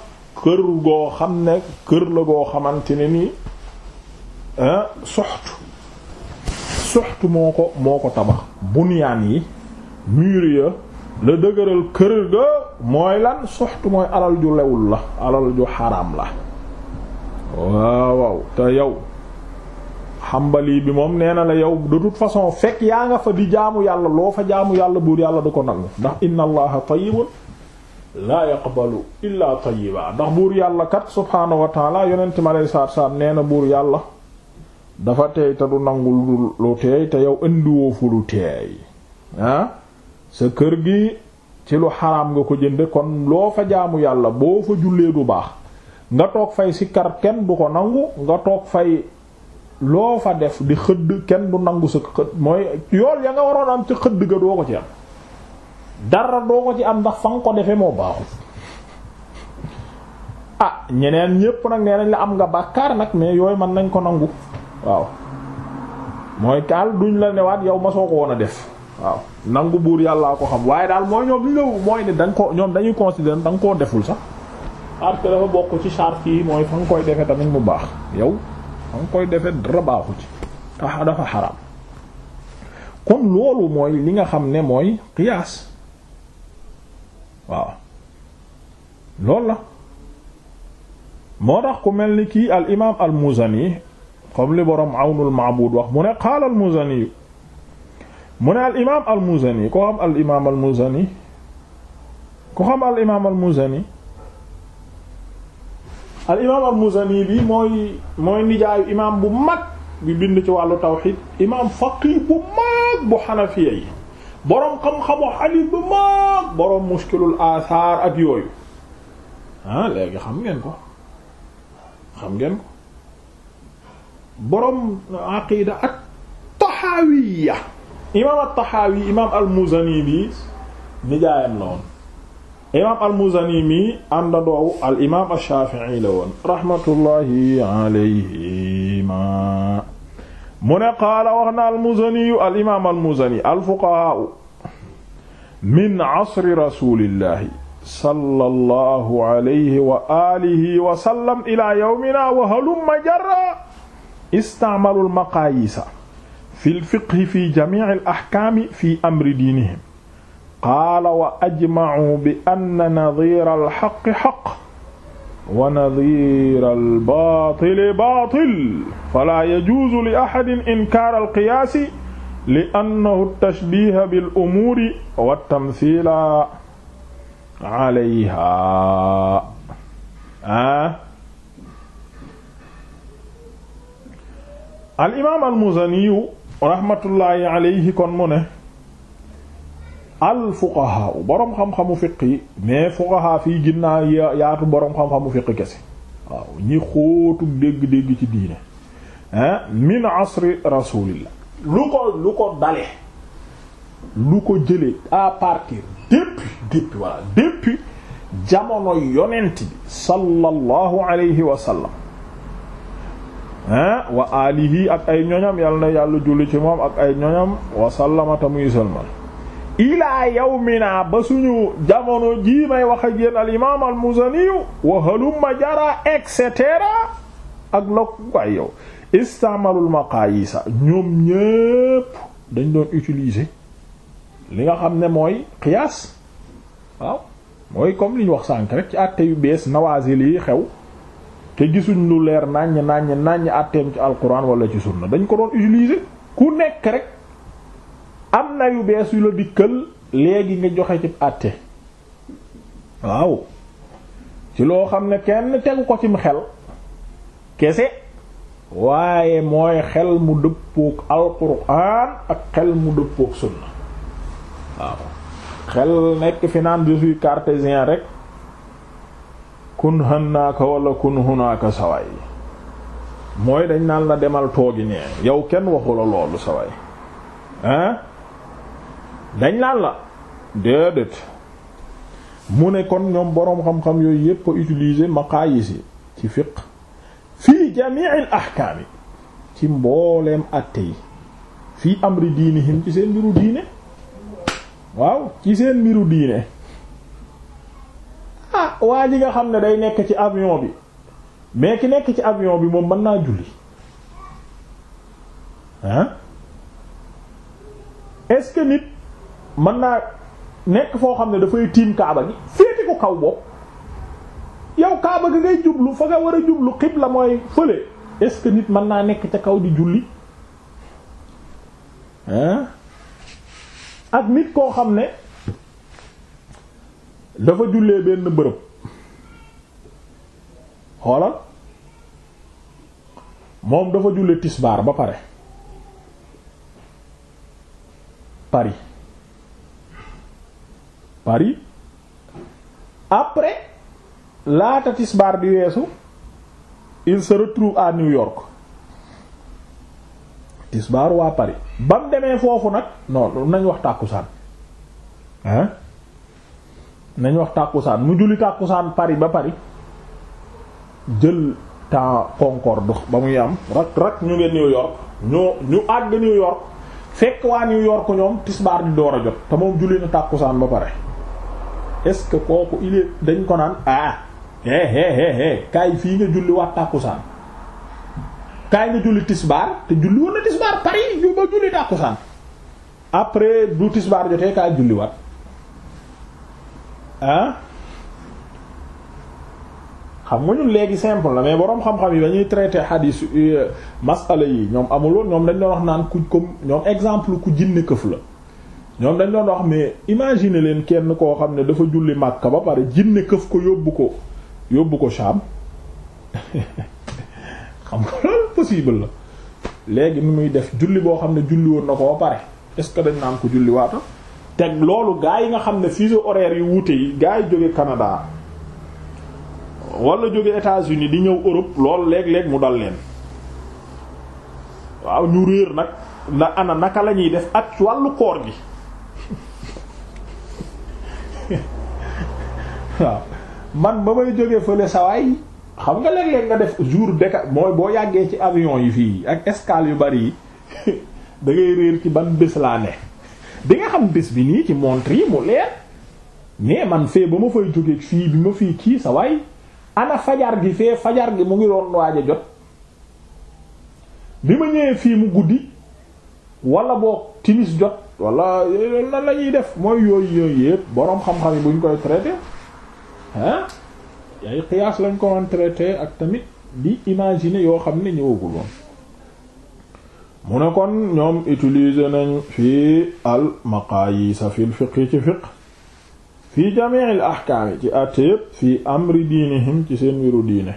kër goo xam ne kër la goo xamante ne nii Euh, soxtu soxtu moo ko moo ko tabax bunyaan yi mur ya la dëgëral kër ga mooy lan soxtu mooy alal ju lewul la alal ju xaraam la waaw waaw te yow xambali bi moom nee na la yow de toute façon fekk yaa nga fa di jaamu yàlla loo fa jaamu yàlla buur yàlla du ko nangu ndax inna allaha tayyibun laa yaqbalu illa tayyiba ndax buur yàlla kat subhaanahu wa taala yonent mi alayhi salaatu wa nee na buur yàlla dafa teey te du nangu lu teey te yow indiwoo fu lu teey ah? sa kër gi ci lu xaraam nga ko jënde kon loo fa jaamu yàlla boo fa jullee du baax nga toog fay sikkar kenn du ko nangu nga toog fay loo fa def di xëdd kenn du nangu sa xëdd mooy yool ya nga waroon am ci xëdd ga doo ko ci am dara doo ko ci am ndax fa nga ko defee moo baaxul ah ñeneen ñépp nag nee nañ la am nga bàkkaar nag mais yooyu mën nañ ko nangu waaw mooy kaal duñ la newaat yow ma soo ko woon a def waaw nangu buur yàllaa ko xam waaye daal mooy ñoom li la mooy ne danga ko ñoom dañuy considérer danga koo deful sax parce que dafa bokk ci charte yi mooy fa nga koy defe tamit mu baax yow fa nga koy defe dara baaxu ci tax dafa xaraam kon loolu mooy li nga xam ne mooy qiyaas waaw loolu la moo tax ku mel ni kii al imaam al Muzani comme li borom al muzani al muzani ko xam al al muzani al muzani al imaam al muzani bi mooy mooy nijaayu imaam bu mag bi bind ci wàllu tawxiid imaam faqih bu mag bu xanafiya yi boroom xam-xamu xadiis bu mag boroom mushkilul asaar ak yooyu ah léegi xam ngeen ko xam ngeen ko borom aqida ak taxaawiya imaam at-Taxaawi imaam al-Muzani bi nijaayam la woon imaam al-Muzani mi àndandoowu al imaam ash-Shaafi'i la woon rahmatullahi alayhima mu ne qaala wax na al-Muzani al imaam al-Muzani al-fuqahaa min asri rasuulillahi sallallahu alayhi wa aalihi wa sallam ilaa yawminaa wa halumma jarraa istaamalul maqaayiisa fil fiqhi fi jamiicil axkaami fi amri diinihim qaala wa ajmacuu bi anna nadiiral xaqqi xaq wa nadiiral baatili baatil falaa yajuuzu li axadin inkaaral qiyaasi li annahu tashbiiha bil umuuri wa tamsiila alayhaa ah. al imaam al muzaniyu rahmatullahi alayhi kon mu ne al fuqahaa boroom xam-xamu fiq mais fuqahaa fii ginnaa yaatu boroom xam-xamu fiq kese waaw ñi dégg-dégg ci diine ah min asri rasulillah lu ko lu ko dale lu ko jëlee à partir depuis depuis voilà depuis bi sallallahu alayhi wa wa alihi ak ay ñoñam yàlla na yàlla julli ci moom ak ay ñoñam wasallamata muy salman mi yawmina ba suñu jamono jii may wax ak yéen al imam al muzaniyu wa halumma jara et cetera ak lok ay yow istamalul maqayisa ñoom ñépp dañ doon utiliser li nga xam ne mooy qiyaas waaw mooy comme li ñu wax sànk rek ci àtte yu bees nawaazil yi xew te gisuñ lu leer naññ naññ naññ àtteem ci alquran wala ci sunna dañ ko doon utiliser ku nekk rek am na yu bees yu la dikkal léegi nga joxe ci àtte waaw ci loo xam ne kenn tegu ko cim xel kese waaye mooy xel mu dëppook alquran ak xel mu dëppook sunna waaw xel nekk fi naan je suis cartésien rek kun hannaaka wala kun hunaaka sawaay mooy dañ naan la demal toogi nee yow kenn waxu la loolu sawaay hein dañ naan la déedéet mu ne kon ñoom boroom xam-xam yooyu yépp a ma maqaayis yi ci fiq fii jamiil ahkaami ci mbooleem àtte yi fii amri diinihim ci seen mbiru diine waaw ci seen mbiru diine ah waa ji nga xam ne day nekk ci avion bi mais ki nekk ci avion bi moom mën naa julli ah est-ce que nit mën naa nekk foo xam ne dafay tiim kaaba gi féete ko kaw bopp yow kaaba gi ngay jublu fa nga war a jublu la mooy fële est nit mën naa nekk ca kaw di julli ah ak nit koo xam ne dafa jullee benn bërëb xoolal moom dafa jullee tisbaar ba pare Paris Paris après laata tisbaar bi weesu il se retrouve à New York tisbaar waa Paris ba demee foofu nag non nañ wax tàkkusaan hein nañ wax tàkkusaan mu julli tàkkusaan Paris ba Paris jël temps Concorde ba muy am rak rak ñu ngeen New York ñoo ñu àgg New York fekk waa New York ñoom tisbaar di door a jot te moom julli na tàkkusaan ba pare est-ce que kooku il dañ ko naan ah eh eh eh kaay fii nga julli waat tàkkusaan kaay nga julli tisbaar te julli woon na tisbaar Paris yu ba julli tàkkusaan après du tisbaar jotee kaay julli waat ah xam nga ñun léegi simple la mais boroom xam-xam yi dañuy traiter xadiis euh, masala yi ñoom amuloo ñoom dañ doon wax naan ku comme ñoom exemple ku jinne këf la ñoom dañ doon wax mais imaginer leen kenn koo xam ne dafa julli Makka ba pare jinne këf ko yóbbu ko yóbbu ko Sham xam nga loolu possible la léegi nu muy def julli boo xam ne julli woon na ko ba pare est-ce que dañ naan ko julli waata te loolu gaa yi nga xam ne fuseaux horaires yu wute yi gaa yi jóge Canada wala jóge états di ñëw Europe lool leeg léeg mu dal leen waaw ñu réer nag na ana naka la ñuy def ak ci wàllu koor gi waaw man ba may jógee fële sawaay xam nga léeg-léeg nga def jour déca mooy boo yàggee ci avion yi fii ak escale yu bari yi da ngay réer ci ban bés laa ne di nga xam bés bi nii ci montre yi mu leer mais man fee ba ma fay jógee fii bi ma fii kii sa waay ana fajar gi fee fajar gi mu ngi doon waaj a jot bi ma ñëwee fii mu guddi wala boog timis jot walla lan la ñuy def mooy yooyu yooyu yëpp boroom xam-xam yi buñ koy traité ah ay qiyaas lañ ko doon traité ak tamit di imagine yoo xam ne ñëwagul mu ne kon ñoom utiliser nañ fii al maqaayisa fil fiqi ci fiq fii jamiil ahkaami ci àtte yépp fii amri diinihim ci seen wiru diine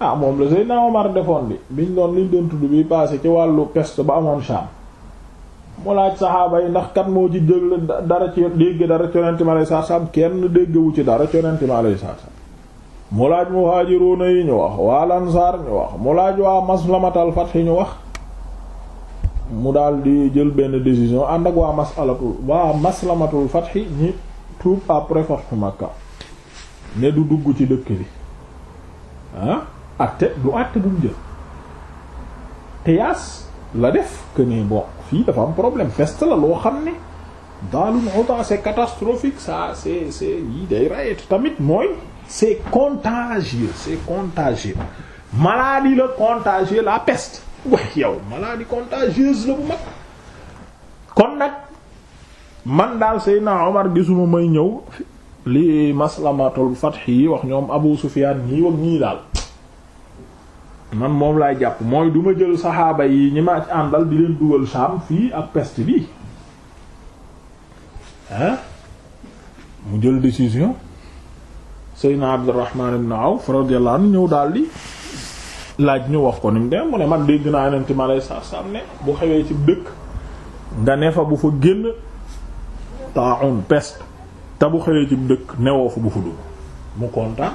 ah moom la Seydina Omar defoon bi biñ doon liñ doon tudd bi passé ci wàllu peste ba amoon Sham mu laaj saxaaba yi ndax kat moo ci déglu dara ci dégg dara ci yonente mi alayhi salaam kenn déggewu ci dara ci yonente mi mu laaj muhaajiruuna yi ñu di jël benn décision ànd ak waa masalatul waa maslamatul fath ñi du dugg ci dëkk bi ah la def que ne am problème feste loo xam ne daalul uta catastrophique ça c'est c'est yi day rayet tamit mooy c'est contagieux c'est contagieux maladie la contagieux la peste way yow maladie contagieuse la bu mag kon nag man daal Seydina Omar gisuma may ñëw li maslamatul fath yi wax ñoom Abu Sufyan ñii wag ñii daal man moom laay jàpp mooy duma jël saxaaba yi ñi ma ci àndal di leen dugal Sham fii ak peste bi ah mu jël décision Seydina Abdurrahman ibn Awf radiyallahu anhu ñëw daal laaj ñu wax ko ni mu dem mu ne man dégg naa yonent mi alayhi salaatu bu xewee ci dëkk nga ne fa bu fa génn taa'un peste te bu xewee ci dëkk newoo fa bu fa dugg mu kontaan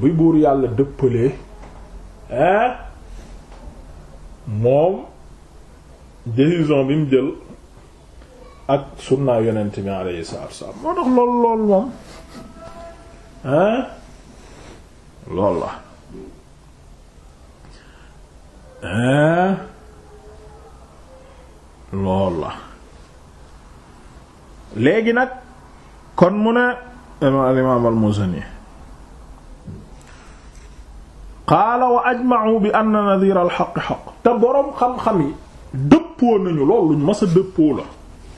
bi buur yàlla dëppalee moom décision bi mu jël ak sunnaa yonent mi alayhi salaatu moo tax lool lool moom hein lool la hein lool la léegi nag kon mu ne al imaam al Muzani qaala wa ajma'u bi anna nadhir al xaq xaq te boroom xam-xam yi dëppoo nañu loolu luñ masa dëppoo la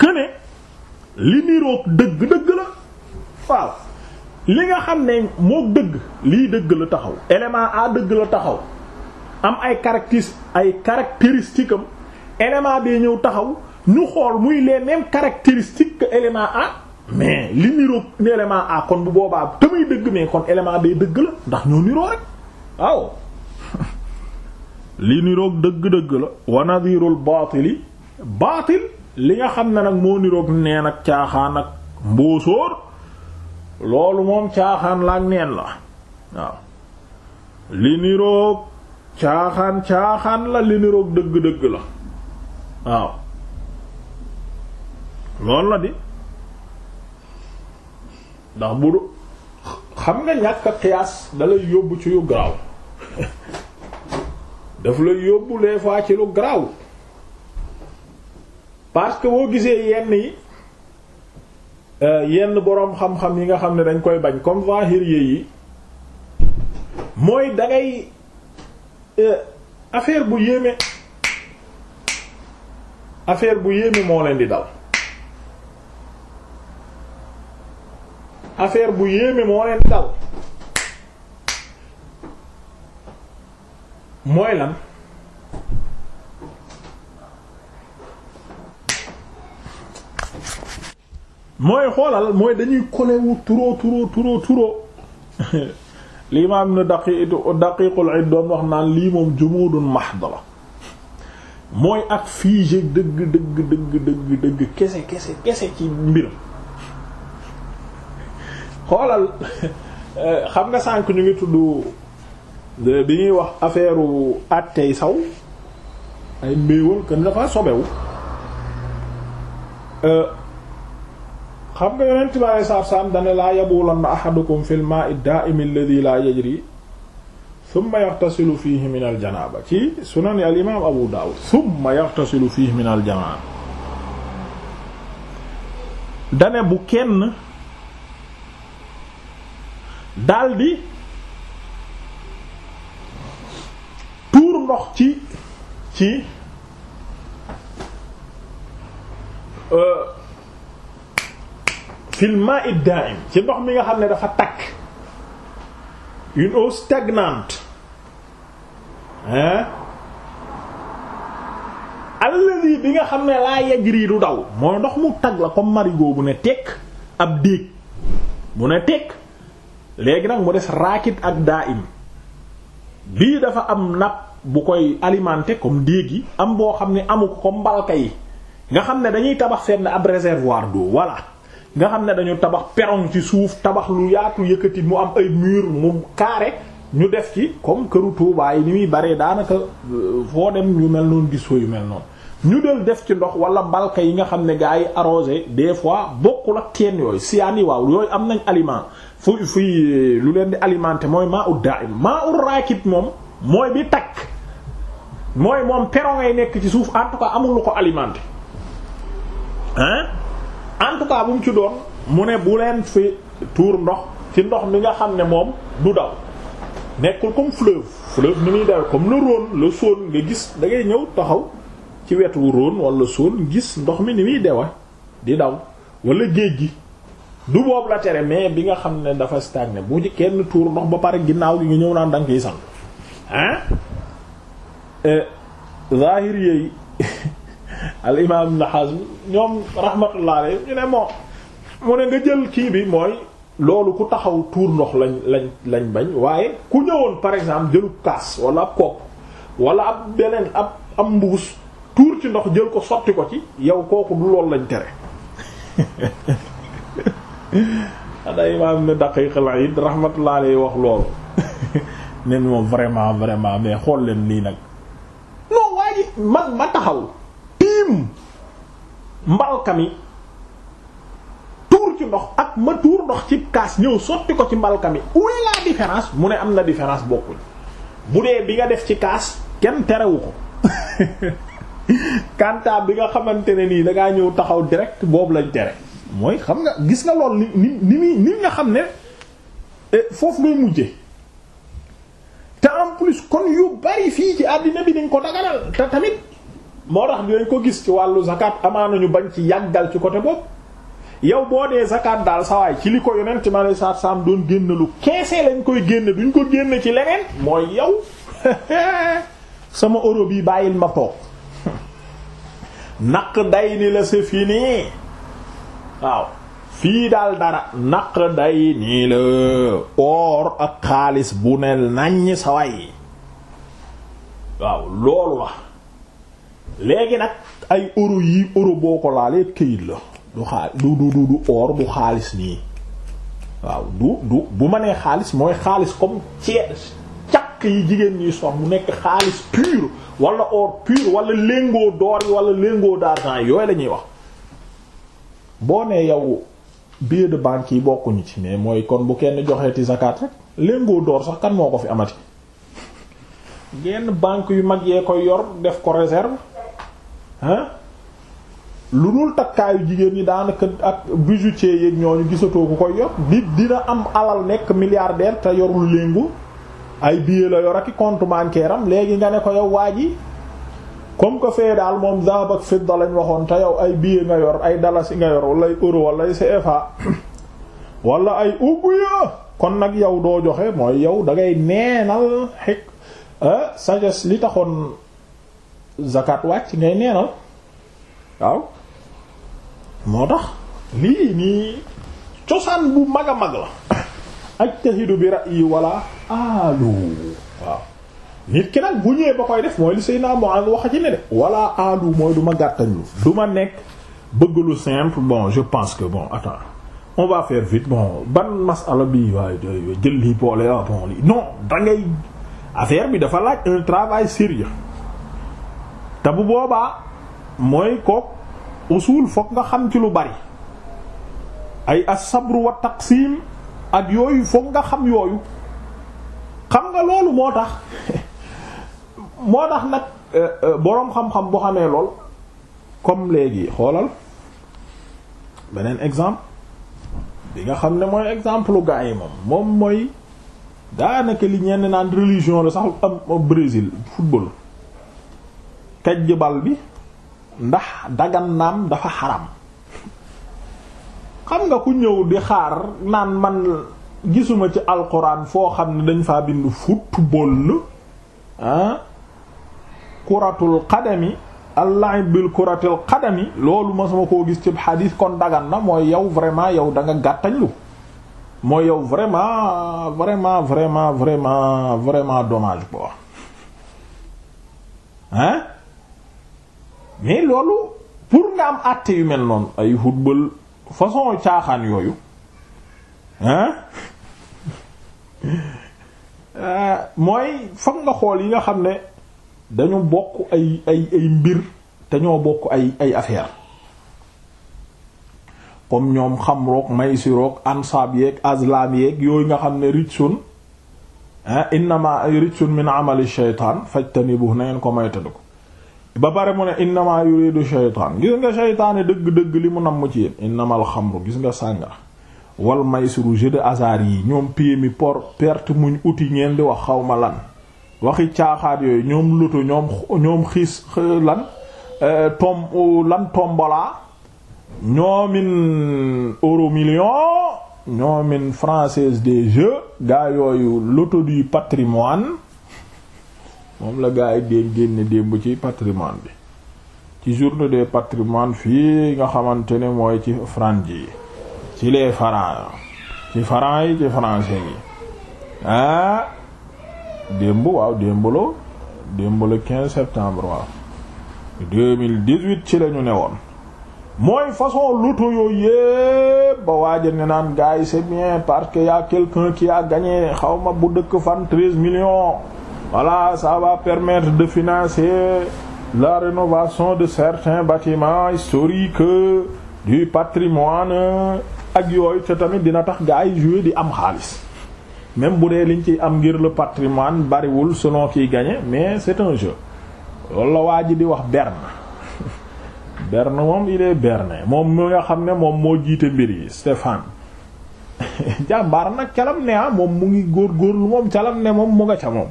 këne li niroog dëgg dëgg la waaw li nga xam ne moo dëgg lii dëgg la taxaw élément A dëgg la taxaw am ay caractéris ay caractéristiques am élément B ñëw taxaw ñu xool muy les mêmes caractéristiques que élément A mais li niroog ne élément A kon bu boobaa te muy dëgg mais kon élément B dëgg la ndax ñoo niroo rek waaw li niroog dëgg-dëgg la wa nadirul baatili baatil li nga xam ne nag moo niroog nee nag caaxaan ak mbóosóor loolu moom caaxaan laak neen la waaw li niroog caaxaan caaxaan la li niroog dëgg-dëgg la waaw loolu la di ndax bu xam nga ñàkk a dalay yóbbu ci yu garaaw daf lay yóbbu les ci lu garaaw parce que boo gisee yenn yi Euh, yenn boroom xam-xam yi nga xam ne dañ koy bañ comme zahiriyé yi mooy dangay euh, affaire bu yéeme affaire bu yéeme moo leen di dal affaire bu yéeme moo leen di dal mooy lan mooy xoolal mooy dañuy kolewu turoo turoo turoo turoo li imaam na daqi daqiqul id doon wax naan lii moom jumuudun mahd la mooy ak figé dëgg dëgg dëgg dëgg dëgg kese kese kese ci mbir xoolal xam nga sànk ñu ngi tudd bi ñuy wax affaire àttey saw ay mbéewal kenn dafa sobewu euh, xam nga yonent bi alei satu salaam dane laa yabulanna ahadukum fil ma'i da'im alladhi la yajri thumma yaghtasilu bu kenn tuur ndox ci ci euh, fil ma'i da'im ci ndox mi nga xam ne dafa takk une eau stagnante hein alladhi bi nga xam ne laa yajri du daw moo ndox mu tag la comme marigot bu ne tekk ab déeg bu ne tekk léegi nag mu des raakit ak daa'im bii dafa am napp bu koy alimenté comme déeg yi am boo xam ne amu ko mbalka yi nga xam ne dañuy tabax seen ab réservoir d'eau voilà nga xam ne dañu tabax perron ci suuf tabax lu yaatu yëkkati mu am ay mur mu carré ñu def ci comme këru Touba yi ni muy baree daanaka euh, foo dem yu mel noonu gis yu mel noonu. ñu del def ci ndox wala mbalka yi nga xam ne gars yi arrosé des fois bokkul ak teen yooyu siyaan yi waaw yooyu am nañ aliment fu fuy euh, lu leen di alimenter mooy maa ut daa im maa ut raakit moom mooy bi takk mooy moom perron ngay nekk ci suuf en tout cas amul lu ko alimenter hein en tout cas ci doon mu ne bu leen fi tuur ndox ci ndox mi nga xam ne moom du daw nekkul comme fleuve fleuve ni muy daw comme le Rhône le Saône nga gis da ngay ñëw taxaw ci wetu roon wala Saône gis ndox mi ni muy dewe di daw wala géej gi du boobu la tere mais bi nga xam ne dafa stagné bu ci kenn tuur ndox ba pare ginnaaw gi nga ñëw naan da nga koy sang euh, zahir yooyu al imam Ibn Hazm ñoom rahmatullah alayhi ñu ne moo mu ne nga jël kii bi mooy loolu ku taxaw tuur ndox lañ lañ lañ bañ waaye ku ñëwoon par exemple jëlu kaas wala ab kopp wala ab beneen ab am mbuus tuur ci ndox jël ko sotti ko ci yow kooku du loolu lañ tere a imam ne Daqiq al-Id rahmatullah alayhi wax loolu nen moom vraiment vraiment mais xool leen lii nag non waaye man ma taxaw tiim mbalka mi tuur ci ndox ak ma tuur ndox ci kaas ñëw sotti ko ci mbalka mi où est différence mu ne am na différence bokkuñ bu dee bi nga def ci kaas kenn terewu ko kanta bi nga xamante ne nii dangaa ñëw taxaw direct boobu lañ tere mooy xam nga gis nga lool ni ni ni nga xam ne eh, foofu ngay mujje te en plus kon yu bari fii ci àddina bi dañ ko daganal te tamit moo tax dinañ ko gis ci wàllu zakat amaana ñu bañ ci yàggal ci côté bopp yow boo dee zakat daal sawaay ci li ko yonent ma lay saat saam doon lu keesee lañ koy génne duñ ko génne ci leneen mooy yow sama euro bi bàyyil ma toog naq day ni la c'est waaw fii daal dara naq day nii la or ak xaalis bu ne naññ sawaay waaw loolu la léegi nag ay euro yi euro boo ko laalee këyit la du xaal du du du du xaalis nii waaw du du bu ma nee xaalis mooy xaalis comme ceeb caq yi jigéen ñi sox mu nekk xaalis pur wala or pur wala lingots d'or yi wala lingots d'argent yooyu la ñuy wax boo nee yow biir de banque yi bokkuñu ci mais mooy kon bu kenn joxeeti zakat rek lingots d'or sax kan moo ko fi amati. genn banque yu mag yee koy yor def ko réserve lu dul takkaayu jigéen ñi daanaka ak bijoutier yeeg ñooñu gisatoo ku koy yor di dina am alal nekk milliardaire te yorul léngu ay billet la yor ak i compte bancaire léegi nga ne ko yow waa ji comme que fee daal moom zahab ak fidda lañ waxoon te yow ay billet nga yor ay dalasi nga yor wala ay euro wala ay CFA wala ay ubuya kon nag yow doo joxe mooy yow dangay ngay neenal xëy ah eh, li taxoon. zakat wàcc ngay neenal waaw moo tax lii nii cosaan bu mag a mag la ajtahidu bi ra'yi wala alu waaw nit ki nag bu ñëwee ba koy def mooy li Seydina Mu'adh wax ci ne de wala alu mooy du ma gàttañlu du ma nekk bëgg lu simple bon je pense que bon attends on va faire vite bon ban masala bi waaye jël lii boole ah bon lii non dangay affaire bi dafa laaj un travail sérieux te bu boobaa mooy kook usul fokk nga xam ci lu bari ay as-sabru wa taqsim ak yooyu fokk nga xam yooyu xam nga loolu moo tax moo tax nag eh, eh, boroom xam-xam boo xamee lool comme léegi xoolal beneen exemple bi nga xam ne mooy exemple gaa yi moom moom mooy daanaka li ñenn naan religion la sax am Brésil football kajj bal bi ndax dagan naam dafa xaram xam nga ku ñëw di xaar naan man gisuma ci alxuraan foo xam ne dañ faa bind football ah kuratul qadami al-la'ib bil kuratil qadami loolu masuma koo gis ci xadiis kon dagan na mooy yow vraiment yow danga gàttañ gàttañlu mooy yow vraiment vraiment vraiment vraiment vraiment dommage quoi hein mais loolu pour nga am àtte yu mel noonu ay football façon caaxaan yooyu hein euh, mooy foog nga xool yi nga xam ne dañu bokk ay ay ay mbir te ñoo bokk ay ay affaire comme ñoom xam roog maysi roog ansaab yeeg azlam yeeg yooyu nga xam ne rijsun innama rijsun min amali shaytaan fajtanibuhu na ngeen ko ko ba pare mu ne innama yuridu shaytaan gis nga shaytaane dëgg-dëgg li mu nam mu ci yéen innamal xamru gis nga sànga wal maysiru jeu de hasard yi ñoom pie mi por perte muñ uti ngeen di wax xawma lan waxi caaxaat yooyu ñoom lutu ñoom ñoom xiis lan euh, tom lan tombola ñoomin euro million ñoomin française des jeux gaa yooyu loto du patrimoine moom la gaa yi dén génne démb ci patrimoine bi ci journée des patrimoines fii nga xamante ne mooy ci franc yi ci les francs ci franc yi ci français yi ah démb waaw démb la démb la 15 septembre waaw ci la ñu ne woon mooy façon loto yooyu yépp ba waaja ne naan gars yi c'est bien parce que y a quelqu'un qui a gagné xaw ma bu dëkk fan 13 millions voilà ça va permettre de financer la rénovation de certains bâtiments historiques du patrimoine ak yooyu te tamit dina tax gars yi jouer di am xaalis même bu dee liñ ciy am ngir le patrimoine bariwul selon kiy gagné mais c'est un loolu la waa ji di wax berne berne moom il est moom mi nga xam ne moom moo jiite mbir yi Stéphane jàmbaar nag calam ne ah moom mu ngi góorgóorlu moom calam ne moom mu nga ca moom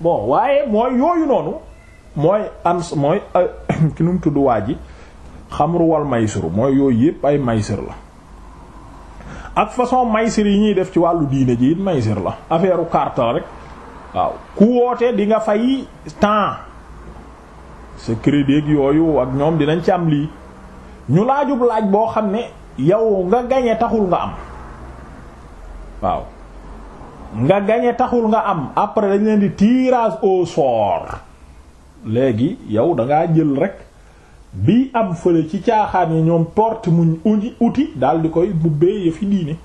bon waaye mooy yooyu noonu mooy ans mooy euh, ki nu mu tudd waa ji xamru wal maysir mooy yooyu yëpp ay maysir la ak façon maysir yi ñuy def ci wàllu diine ji it maysir la affaire u la rek waaw ku woote di nga fay temps sa crédit ak yooyu ak ñoom dinañ ci am lii ñu laajub laaj boo xam ne yow nga gañe taxul nga am waaw nga gañe taxul nga am après dañ leen di tirage au sort léegi yow dangaa jël rek bi am fële ci caaxaan yi ñoom porte muñ uji uti daal di koy bubbee ya fi diine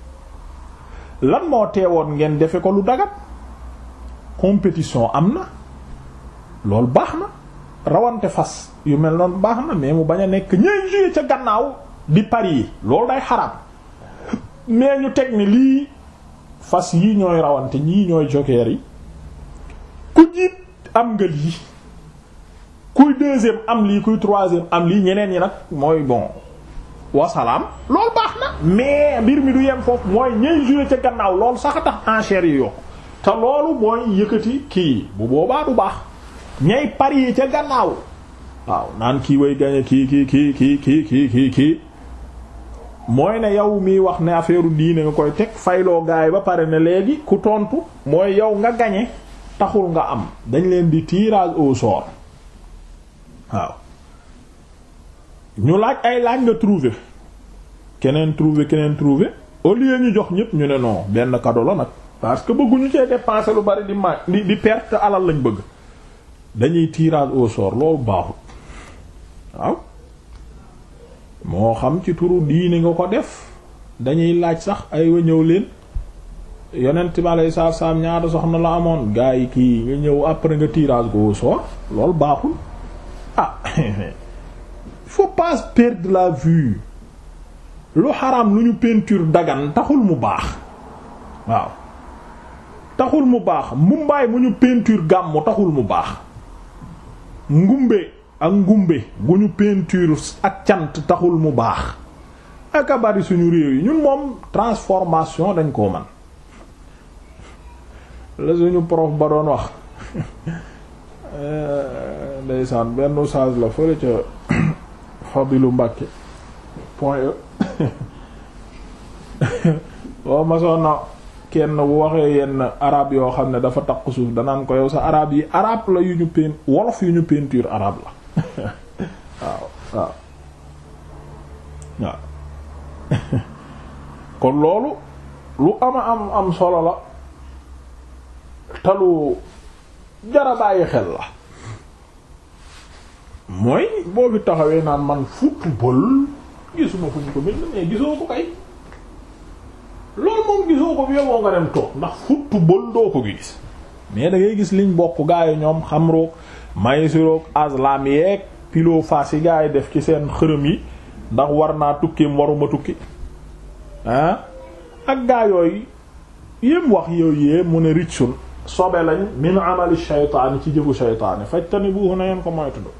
lan moo teewoon ngeen defe ko lu dagat compétition am na loolu baax na rawante fas yu mel noonu baax na mais mu bañ a nekk ñeen jouer ca gannaaw di pari yi loolu day xaraam mais ñu teg ni lii fas yi ñooy rawante ñii ñooy jokeer yi ku jiit am nga lii kuy deuxième am lii kuy troisième am lii ñeneen yi nag mooy bon wasalaam loolu baax na mais mbir mi du yem foofu mooy ñey joué ca gannaaw loolu sax a tax enchères yi yokk te loolu mooy yëkkati kii bu boobaa du baax ñey pari yi ca gannaaw waaw naan kii way gagné kii kii kii kii kii kii kii mooy ne yow miy wax ne affaire diine nga koy teg fayloo gaay ba pare na léegi ku tontu mooy yow nga gañe taxul nga am dañ leen di tirage au sort waaw ñu laaj ay laaj nga trouver keneen trouver keneen trouver au lieu ñu jox ñépp ñu ne non benn cadeau la nag parce que bëgguñu cee dépenser lu bari di ma di perte alal lañu bëgg dañuy tirage au sort loolu baaxul moo xam ci turu diini nga ko def dañuy laaj sax ay wa leen yonent bi alayhi salaatu salaam ñaata soxna la amoon gars yi kii nga ñëw après nga tirage go sort loolu baaxul ah faut pas perdre la vue lu xaraam lu ñu peinture dagan taxul mu baax waaw taxul mu baax mumbaay mu ñu peinture gàmmu taxul mu baax ngumbe ak ngumbe gu ñu peinture ak cant taxul mu baax ak bari suñu réew yi ñun moom transformation dañ koo man la suñu prof ba doon wax euh, ndeysaan benn oustaz la fële ca Fadilu Mbàkke point e waaw masoon na kenn bu waxee yenn arab yoo xam ne dafa takk suuf danaan ko yow sa arab yi arab la yu ñu peint wolof ñu peinture arabe la waaw waaw waaw kon loolu lu ama am am solo la te lu jara bàyyi xel la mooy boo fi taxawee naan man football gisuma fu ñu ko bind mais gisoo ko kay loolu moom gisoo ko bi yoboo nga dem toog ndax football doo ko gis mais da ngay gis liñ bokk gaayu ñoom xam roog maysiroog azlam yeeg pilo fas yi gaa yi def ci seen xërëm yi ndax war naa tukkim waruma tukki ak gaa yooyu yépp wax yooyu yépp mu ne rijsun sobe lañ min amali shaytaani ci jëfu shaytaani fajtanibuhu na ngeen ko moytudu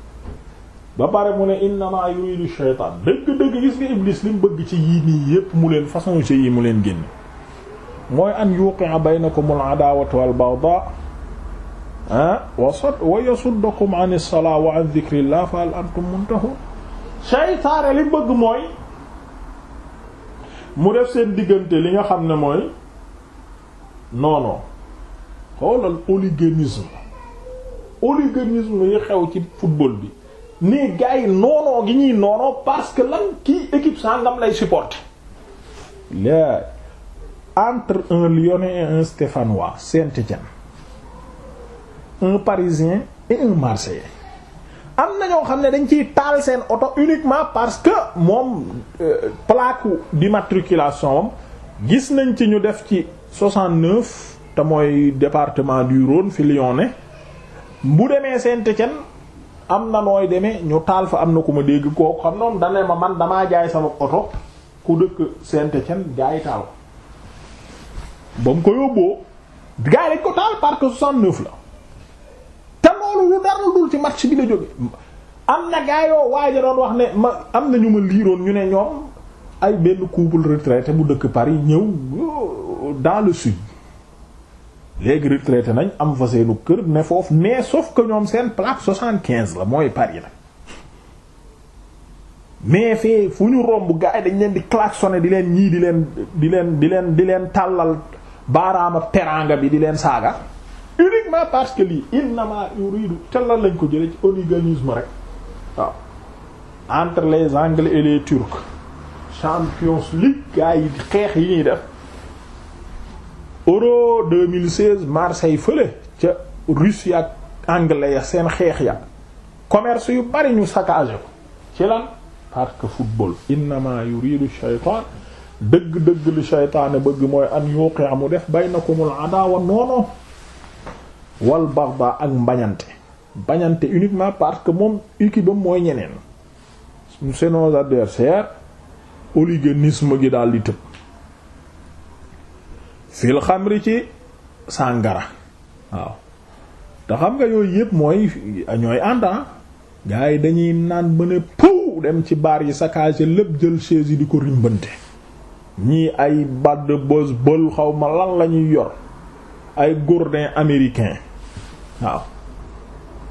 ba pare mu ne innamaa yuridu shaytaan dëgg-dëgg gis nga iblis li bëgg ci yii nii yépp mu leen façon ci yi mu leen génn mooy an ko baynakumul adaawata wal baghdaa'a ah wasat wa yasuddakum an ilsalaa wa an dhikrillah fa hal antum muntahun seytaane li bëgg mooy mu def seen diggante li nga xam ne mooy noonoo xoolal oliganisme oliganisme yi xew ci football bi ni gars yi noonoo gi ñuy noonoo parce que lan kii équipe sangam lay supporter la entre un Lyonnais et un Stéphanois Saint-Étienne un parisien et un marseillais am na ñoo xam ne dañ ciy taal seen oto uniquement parce que moom euh, plaque d'immatriculation am gis nañ ci ñu def ci 69 te mooy département du Rhône fi Lyon bu demee Saint-Étienne am na nooy demee ñu taal fa am na ku ma dégg kooku xam noonu dane ma man damaa jaay sama oto ku dëkk seen étienne jaay taal ko ba mu ko yóbboo gars yi ko taal parce que 69 la loolu lu dara dul ci match bi la jóge am na gaayoo waaja doon wax ne ma am na ñu ma liiroon ñu ne ñoom ay benn couple retraité bu dëkk Paris ñëw euh, dans le sud léegi retraité nañ am fa seenu kër ne foofu mais sauf que ñoom seen plaque soixante-quinze la mooy Paris nag mais fee fu ñu romb gars dañ leen di klaxonné di leen ñii di leen di leen di leen di leen tàllal baaraama teranga bi di leen saaga uniquement parce que lii innama yuridu te lan lañ ko jëlee ci hooliganisme rek entre les anglais e les turcs champions league gars yi xeex yi ñuy def euro 2016 Marseille fële ca Russie ak anglais ya seen xeex ya commerce yu bari ñu saccagé ko ci lan parce que football innama yuridu shaytan dëgg-dëgg li shaytaane bëgg mooy an yuqi amu def baynakumul adawa noonoo wal baxda ak mbañante bañante uniquement parce que moom équipe am mooy ñeneen c'est nos adversaires oliganisme gi daal di tëb fil xamri ci sàngara waaw te xam nga yooyu yëpp mooy ñooy àndan ah. gars yi dañuy naan ba ne pow dem ci baar yi saccage lépp jël chaise yi di ko rimbante ñii ay badd bos bël xaw ma lan la ñuy yor ay gourdin américain waaw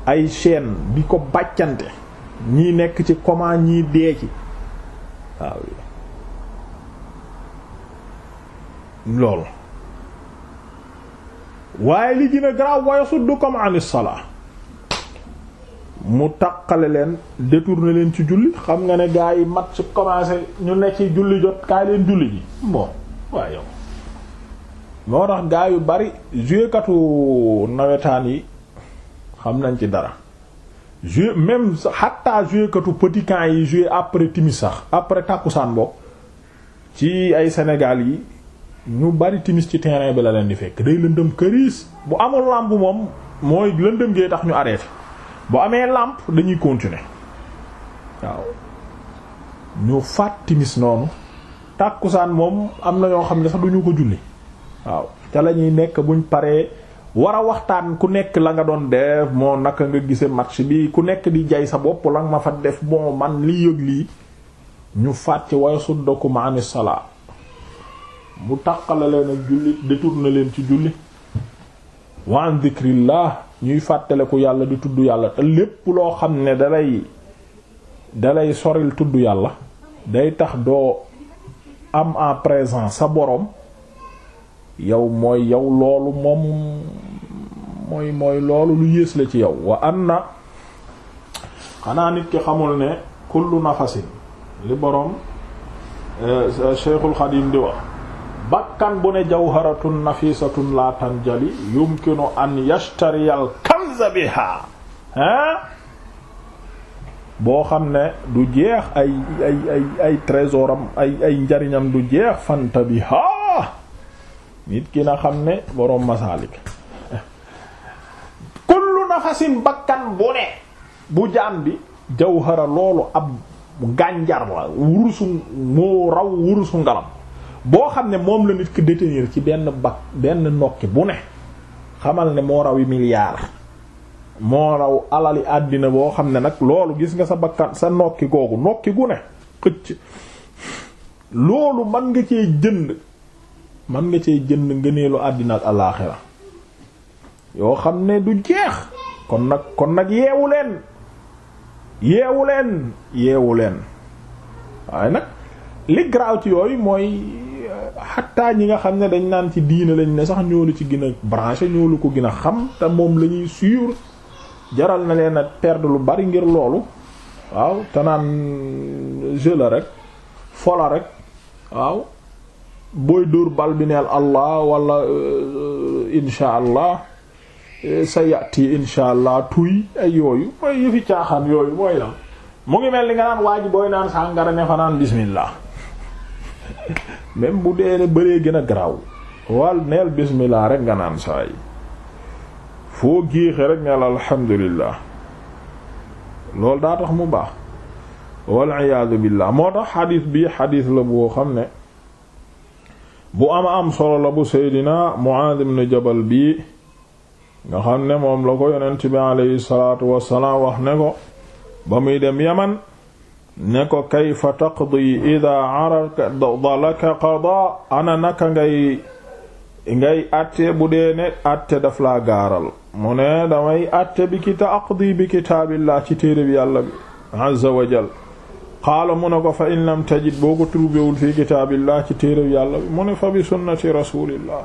ay chaîne bi ko bàccante ñii nekk ci comment ñii dee ci loolu waaye li gën a garaaw wa yasuddukum anis salaa mu takkale leen détourné leen ci julli xam nga ne gaa yi mat ci commencé ñu ne ci julli jot kaay leen julli ji bon waaye yow moo tax gars yu bari joué nawetaan yi xam nañ ci dara joué même xatta joué katu petit yi joué après timis sax après tàkkusaan bopp ci ay senegal yi ñu bari timis ci terrain bi la leen di fekk day lëndëm këriis bu amul làmp moom mooy lëndëm gee tax ñu arrêté bu amee làmp dañuy continuer waaw ñu faat timis noonu tàkkusaan moom am na ñoo xam ne sax duñu ko julli waaw ca lañuy nekk buñ paree war a waxtaan ku nekk la nga doon def moo naka nga gise match bi ku nekk di jay sa bopp la ma fa def bon man li yëg lii ñu fàcc waaye su dokku ma ani salaa mu taqala leen ak julli détourne leen ci julli wa an dhikrillah ñuy fàttaliku yàlla di tudd yàlla te lépp loo xam ne dalay dalay soril tudd yàlla day tax doo am en présent sa boroom yow mooy yow loolu moom mooy mooy loolu lu yées la ci yow wa anna xanaa nit ki xamul ne kullu nafasin li boroom euh, Cheikhul Xadim di wax bakkan bu ne jawharatun nafisatun la tanjali yumkinu an yashtariyal kanza biha boo xam ne du jeex ay ay ay ay trésoram ay njariñam du jeex fanta biha nit ki na xam ne boroom masaalik kullu nafasin bakkan bu ne bu jaam bi jawhara loolu ab gànjar la wurusu moo raw wurusu ngalam boo xam ne moom la nit ki détenir ci benn bak benn nokki bu ne xamal ne moo raw yi milliard moo raw alali àddina boo xam ne nag loolu gis nga sa bakkan sa nokki googu nokki gu ne xëcc loolu mën nga cee jënd man nga cee jënd ngëneelu àddina ak alaaxira yoo xam ne du jeex kon nag kon nag yeewu leen yeewu leen yeewu leen waaye nag li garaaw ci yooyu mooy xattaa ñi nga xam ne dañ naan ci diine lañ ne sax lu ci gën a branché ñoolu ko gën a xam te moom lañuy ñuy jaral na leen a perd lu bari ngir loolu waaw te naan jeu la rek fola rek waaw booy dóor bal bi neel allah wala euh, insha euh, sa yàtti insha tuy yooyu mooy yëfi caaxaan yooyu mooy la mu ngi mel ni nga naan waa ji booy naan sàngara ne fa naan bismillah même bu dee ne bëree gën a garaaw wal neel bismillah rek nga naan saa yi foo géexe rek neel alhamdulillah loolu daa tax mu baax wal iyaadu billah moo tax xadiis bii xadiis la boo xam ne bu ama am solo la bu seydina Muaad ibn Jabal bii nga xam ne moom la ko yonent bi salaatu wassalaam wax ne ko ba muy dem Yaman ne ko kayfa taqdi idaa araka dalaka qadaa ana naka ngay ngay àtte bu dee ne àtte daf laa gaaral mu ne damay àtte bi kita ci téere bi yàlla bi azza wa qaala mu ko fa in lam tajid boo ko trouvéwul fi kitaabillah ci téeréw yàlla bi mu ne fa bi sunnati rasulillah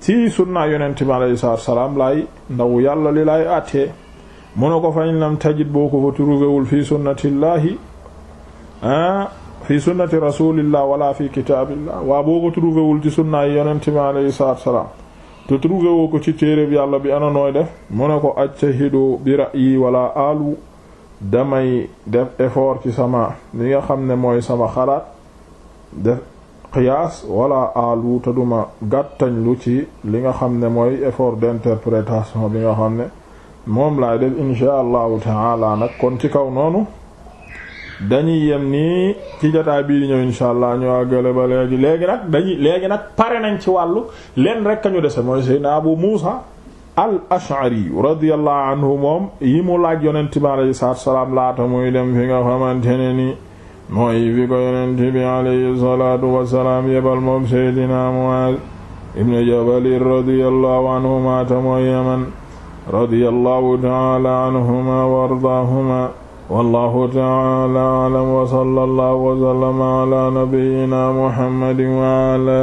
ci sunna yonent bi alayhi salaam laay ndaw yàlla li laay àttee mu ko fa in lam boo ko fa trouvéwul fi sunnatillahi ah fi sunnati rasulillah wala fi kitaabillah waa boo ko trouvéwul ci sunna yi yonent bi alayhi salaam te trouvé ci téeréw yàlla bi ana nooy def mu ne ko ajtahidu bi ra'yi wala alu damay def effort ci sama li nga xam ne mooy sama xalaat def qiyaas wala aalu te duma gàttañ lu ci li nga xam ne mooy effort d'interprétation bi nga xam ne moom laay def insha allahu taala nag kon ci kaw noonu dañuy yem nii ci jotaay bii ñëw insha allah ñu àggale ba léegi léegi nag dañuy léegi nag pare nañ ci wàllu leen rekk a ñu dese mooy Seydina Abu Muusa al ashari radiyallahu anhu moom yi mu laaj yonent bi alayhi salaatu wasalaam laata muy dem fi nga xamante ne ni mooy fi ko yonent bi alayhi salaatu wasalaam yebal moom seydina Muaaz ibn Jabal radiyallahu anhuma ta mooy Yaman radiyallahu ta'ala anhuma wa ardaahuma wallahu ta'ala a'lam wa sallallahu wa sallama ala nabiyyina Muhammadin wa ala